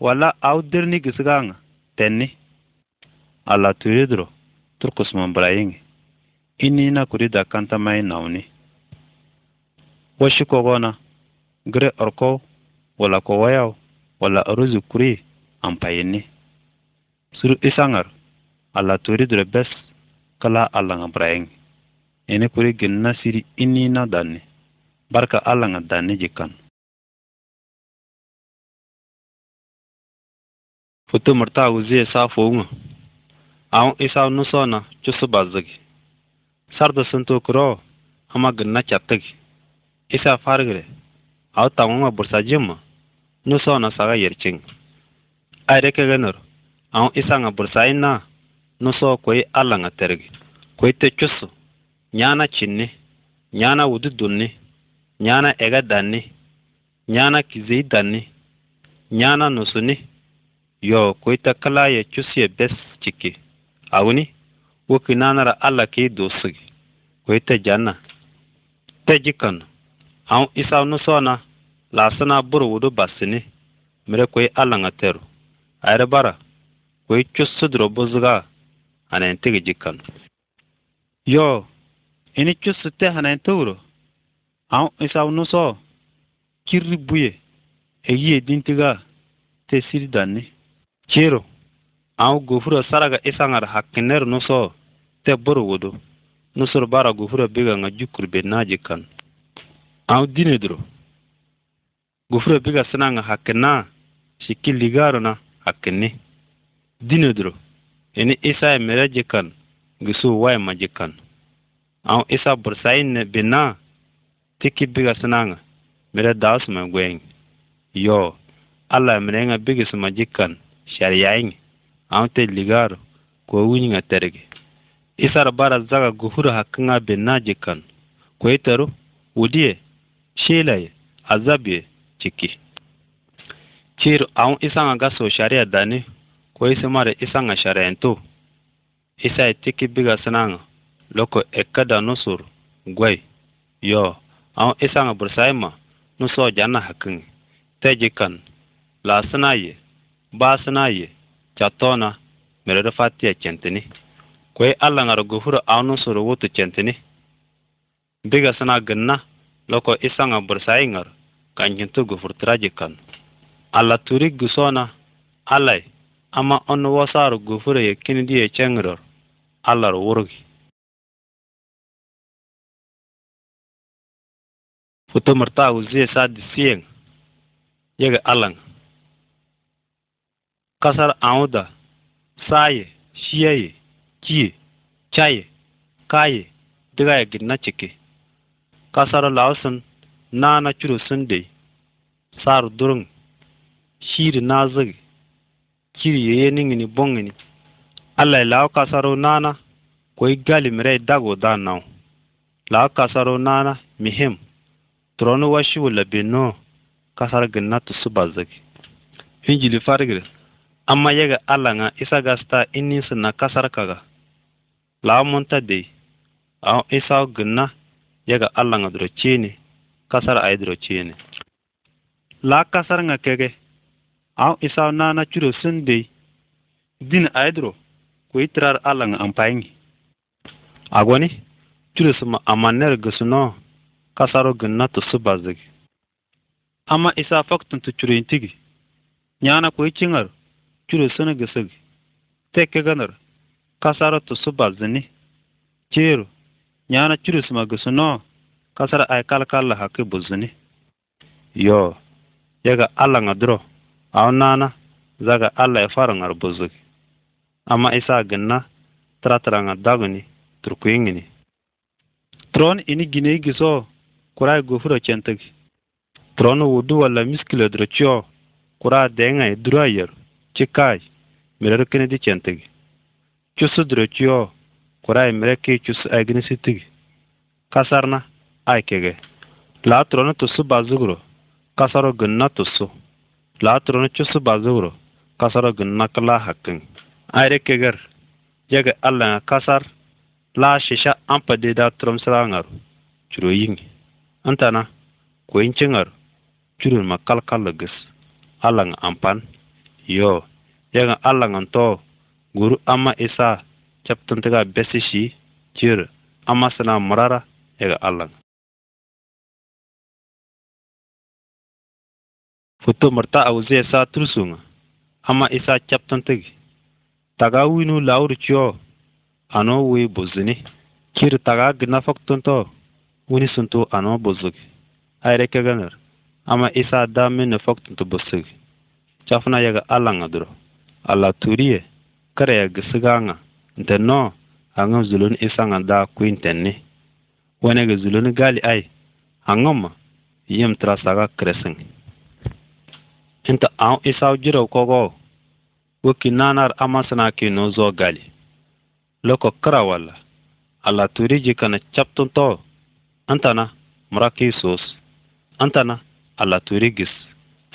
[SPEAKER 1] wala aw derni gisganga tenni ala turidro turkusman burayiŋi i niina kurida kantamai nawuni woshi kogona gire orkow wala kowayaw wala orozu kuri ampayini suru isaŋar ala turidro bes kala alaŋa burayiŋi ini kuri ginna
[SPEAKER 2] siri i na danni barka alaŋa danni jikan futumurtagu zie safoŋo isaw soona cusuba zigi sardu suntu kuro
[SPEAKER 1] hama gunna cattigi isa fargire aw tamuŋa bursa jimma nu soona saga yerciŋ ayde awon isa nga bursa inna nu kwai alla nga tergi kwai te cusu nyana cinni nyana wudu dunni nyana ega danni nyana kizi danni nyana nusu yo kwai ta kala cusu ya bes ciki awuni woki nanara ala ke do sigi ko ite janna teji kanu awon isa nusona lasana buru wudu basini mire ko ala nga teru ayre bara ko cusudro na anen tigi jikanu yo ini te hanen tewuro awon isa nuso kirri buye eyi edintiga tesiri danni cero aw gofuro saraga isaŋar hakkiner nuso te buru wudu nusur bara gofuro bigaŋa jukul be najikan aw dineduro gofuro biga sinaŋa hakkina siki ligaro na hakkini duro ini isaye mere jikan gisu ma jikan aw isa bursayinne bina tiki biga sinaŋa mere daasuma gweŋ yo alla e mireŋa bigisuma jikan shariyayiŋ awte ligaro ko wiñinga terge isar bara zaga guhuru hakkanga ko jikkan koytaru wudiye shelaye azabiye ciki ciro awon isanga gaso sharia dani ko isimare isanga sharianto isaye tiki biga sananga loko ekkada nusur gwai yo awon isanga bursaima nuso janna hakkingi te jikkan lasinaye basinaye chattona merero fatiya centini kwe alla ngaro gofuro awnu suru wutu centini biga sina ginna loko isanga bursayi ngaro kanjintu gofurtiraji kan alla turi gusona allai ama onu wasaro gofuro ye
[SPEAKER 2] kinidi ye cengiror allaro wurugi futumurta wuziye sa disiyeng yega allang kasar auda saye
[SPEAKER 1] shiyaye kiye chaye kaye diga ya gina cike kasar lausun na na curo sun da sar durin shiri na zig kiri ni ningini bongini allah lawo kasaro nana yi gali rey dago da naw lawo kasaro nana mihim turonu washiwu labino kasar ginna tusu zagi. injili fargire amma yaga alanga isa gasta ininsu na kasar kaga la monta de a isa yaga yega alanga dro chini kasar ay dro chini la kasar nga kege a isa na na churo sunde din ay dro ko itrar alanga ampaingi agoni churo suma amaner gusno kasaro gunna to subazig amma isa faktun tu churo intigi nyana ko ichingar curo sẽn tekke ganar kasara tɩ sũ balsi ni nyana yãana curo sẽma kasara ay kasara aikalkalla hake buzi ni yoo yaga alaŋa duro nana naana zaga alla e faraŋar buzug amma isa ginna nga daguni turkuyiŋini turon ini gine giso kurai gofuro centig turon wudu wala miskilo duro cio kura deŋa e dura yeru ci kaaj mire ru kini di cen tigi cusu duro ci yoo ku raay mire kii cusu ay gini si tigi kasar na ay kege laa turo na tusu baa zuguro kasaro gin na su laa turo na cusu baa zuguro kasaro gin na laa kalaa hakkin ay re keger yege allah nga kasar laa shisha ampa di daa turom siraa ngaru curo yi yingi antana kuyin ci ngaru curin ma kalkal la gis allah nga ampan yo yagan alla ngan to guru
[SPEAKER 2] amma isa besi shi jir amma sana murara yaga alla futu marta auze sa tursunga amma isa taga winu
[SPEAKER 1] laur chyo ano we bozini kir taga gna to uni sunto ano bozog ayre kaganar amma isa fakton to bozog cafna yaga alaŋa duro ala turiye kare ya gisigaŋa nte no aŋa zulun nga da kuintenni ga zulun gali ai aŋoma yim tira saga keresiŋ nti aŋ isau jiro kogo woki nanar amasina ki no zo gali loko kira wala ala turi jikana to antana muraki sos antana ala turi gis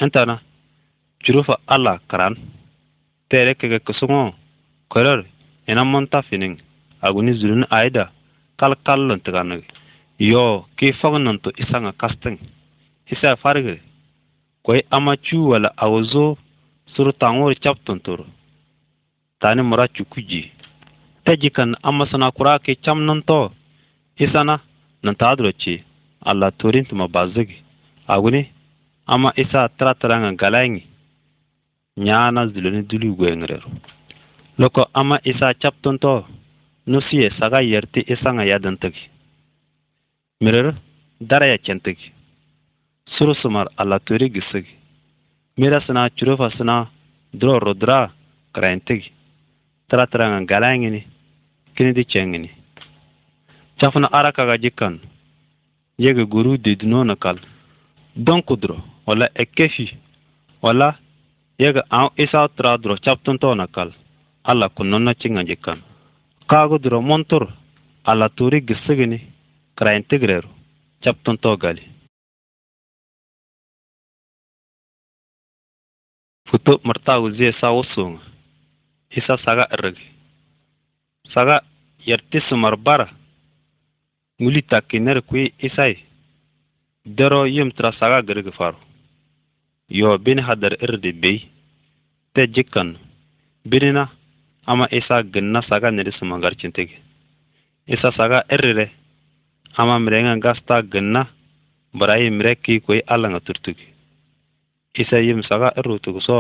[SPEAKER 1] antana jurufa ala karan tere kege kusungo korar ina monta fining aguni zulun aida kal kallon tiganag yo ki fognon to isanga kasting isa farge koi amachu wala awzo suru tangor chap tur tani mura chukuji tajikan amasana kurake nan to isana nan tadrochi alla tuma bazigi aguni ama isa tratranga galangi nyaana zuloni duli gweŋrer loko ama isa chaptunto nusiye saga yerti e yadan tagi mirer daraya sumar ala turi gisigi mira sana churufa sana dro rodra nga galayangini kini di chengini ceŋini araka ga jikan yege guru dedinona kal donkudro wala ekefi wala yega aw isa tra duro chaptun to nakal alla kunnonna na
[SPEAKER 2] cinga jikkan kaago duro montur alla turi gisigini krain tigreru chaptun to gali futu marta uzie sa usunga isa saga irgi
[SPEAKER 1] saga yarti sumar bara nguli takinir kui isai dero yim tra saga girgi faru yo bin hadar irdi bey te jikan birina ama isa ginna saga nedi sumangarcintigi isa saga irrire ama mirenga gasta ginna barayi mire koi alanga turtugi isa yim saga irrutuguso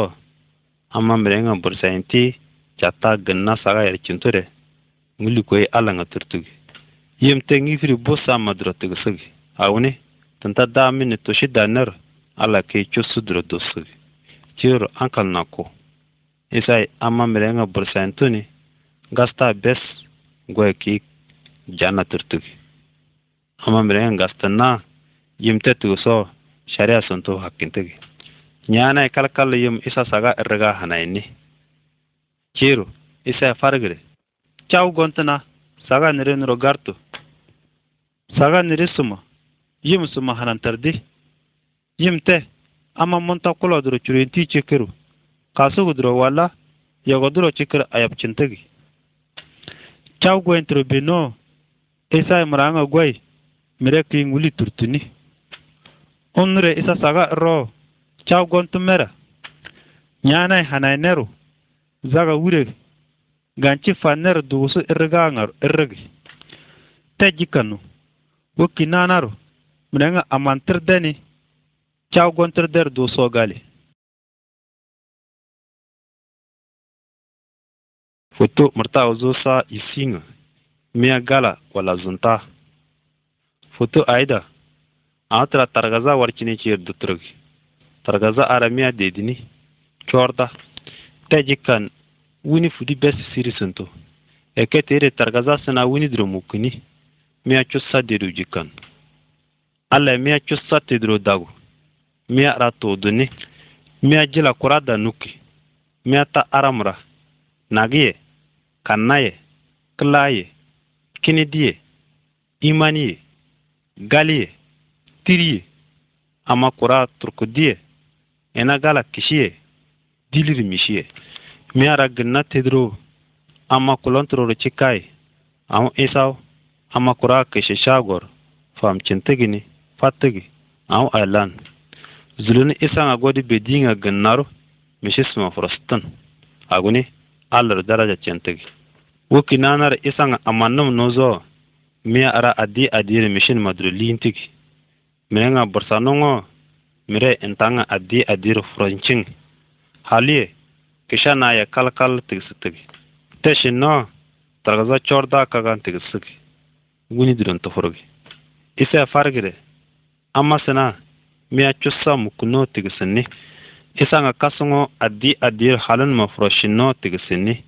[SPEAKER 1] ama mirenga bursayinti jatta ginna saga ture. nguli koi alanga turtugi yim te ngifiri bosa madura tugusugi awuni tanta to shida danero ala ke cosuduro dosugi ciro an kal na ko isai amma mirenga bursantuni gasta bes goy ki jana turtugi amma mirenga gasta na yimte tuso sharia suntu hakkintigi ñaanai e kalkal yim isa saga irriga hanaini ciro isai e fargire caw gontuna saga nirinuro gartu saga nirisumo yim suma hanantardi yimte ama munta kulo duro curenti cekiru kasugu duro walla yogo duro cikir ayabcintigi caw gwentiro bino isa imranga gwai mire kiin wuli turtuni unure isa saga ro caw gontu mera Nyanai ñanai hanaineru zaga wure ganci fanneru dugusu irrigangaru irrigi te jikanu wo
[SPEAKER 2] kinanaru mirenga deni? jagontar da gale. foto marta ozo sa isinga miya gala wala zunta
[SPEAKER 1] foto aida anatra targaza warcine cer dutrugi. targaza ara mia dedini Chorda. tejikan wini fudi sento. Eke tere targaza sana wini dromukini miya chusa dedu jikan alla mia chusa tedro dago. miya ra tooduni miya jila kura da nuki miya ta aramura nagiye kannaye kilaye kinidiye imaniye galiye tiriye ama kura turkudiye ena gala kishiye dilir mishiye miya ra ginna tidiro ama kulontiroro cikaye ahu isaw ama kura kishi shagor famcintigini fattigi ahu aylan zulun isan agodi bedinga gannaro mishisma frostan aguni alar daraja centig wuki nanar isan amannum nozo miya ara adi adir mishin madrulintig mirenga borsanongo mire intanga adi adir fronching haliye kisha na ya kalkal tigstig teshin no targaza chorda kagan tigstig guni dirun tufurgi isa fargire amma sana miyachusamu kuno tigisini nga kasungo adi adir halin ma furoshino tigisini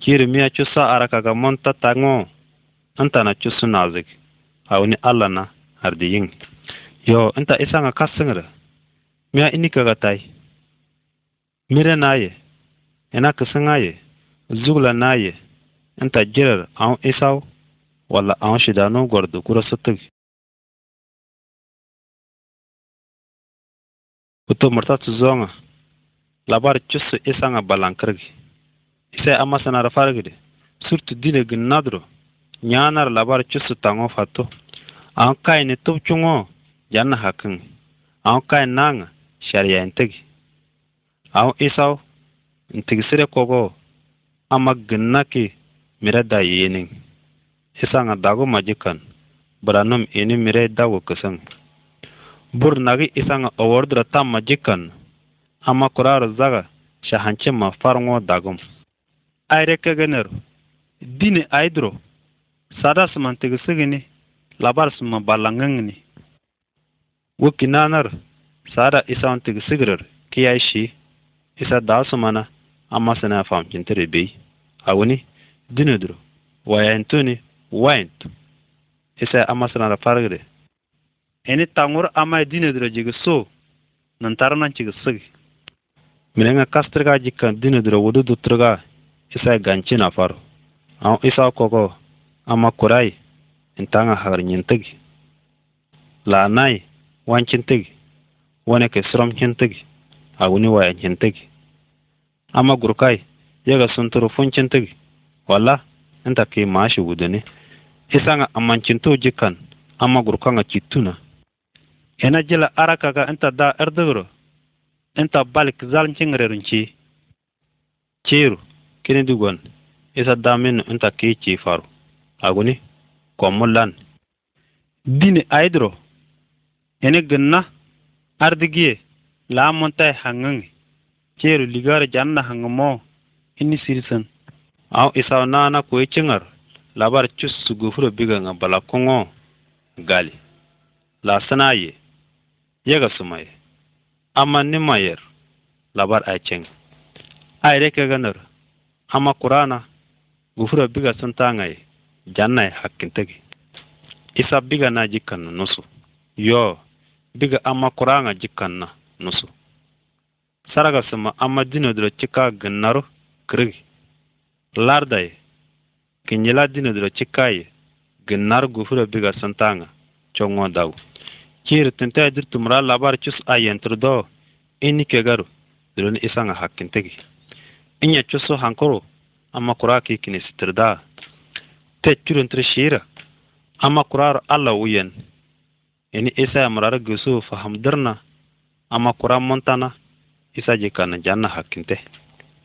[SPEAKER 1] kiri miyachusa arakaga monta anta na chusu nazik awuni alla na ardi yiŋ yo isa nga kasiŋirə miya inikaga tai mire na ye ina kisiŋa ye zugla na ye
[SPEAKER 2] nta jirar awun isaw wala awun shidano gordu kura sutig kuto murta zonga. labar cusu isanga balankirgi isa amma sanar fargide
[SPEAKER 1] surtu dine ginnadro nyanar labar cusu tango fatu an kai tup chungo janna hakin an kai nanga shariya intigi an isaw sire kogo amma ginnaki mire da yening nga dago majikan buranum ini mirai dago kisin bur nagi isaŋa awardra tamma jikan amma kurar zaga shahancima farngo dagum ayre kegener dine aydro sada siman tigisigini labar sma balangangni wukinanar sada isaŋ tigisigirar kiyashi shi isa daasumana amma fam famcintiri bey awuni dinedro wayantuni wayant isa amma sana fargide ene tangur ama dine dura jigi so nan taranan chigi sig minenga kastriga jikan dine dura wudu dutriga isa ganci na faru an isa koko ama kurai intanga harnyin tig la nai wancin tig wane ke srom cin tig a wuni wayan cin ama gurkai yaga sunturu fun tig wala inta ke mashi wuduni isa nga amancin to jikkan ama gurkan a cittuna ina jila arakaga inta da ardiro inta balik ci. ciru kini dugon isa daminu inta kii ci faru aguni kommulan dini aidro ini ginna ardigiye laamuntai haŋŋiŋi ciru ligaro janna haŋŋimo ini sirsen aw isaw naana kuyi ciŋar labar cussu gofuro bigaŋa balakuŋo gali laasina ye Yaga amma ama mayer labar aicheng aire ganar ama qur'ana gufura biga suntangay jannay hakkintegi isa biga na na nusu yo biga qur'ana jikkan na nusu saraga amma ama dro cika gannaru kirigi lardai kinyila dro cikayi ginnar gufura biga suntanga chongo dawu kir tente adir tumra labar chus ayentro do eni kegaru dilon isanga hakintegi inya chusu hankoro amma kura ki kini sitirda te turun tri shira amma kuraru alla uyen eni isa amrara gusu faham dirna amma kura montana
[SPEAKER 2] isa jikana janna hakinte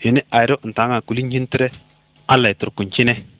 [SPEAKER 2] eni ayro ntanga kulin jintre alla itur kunchine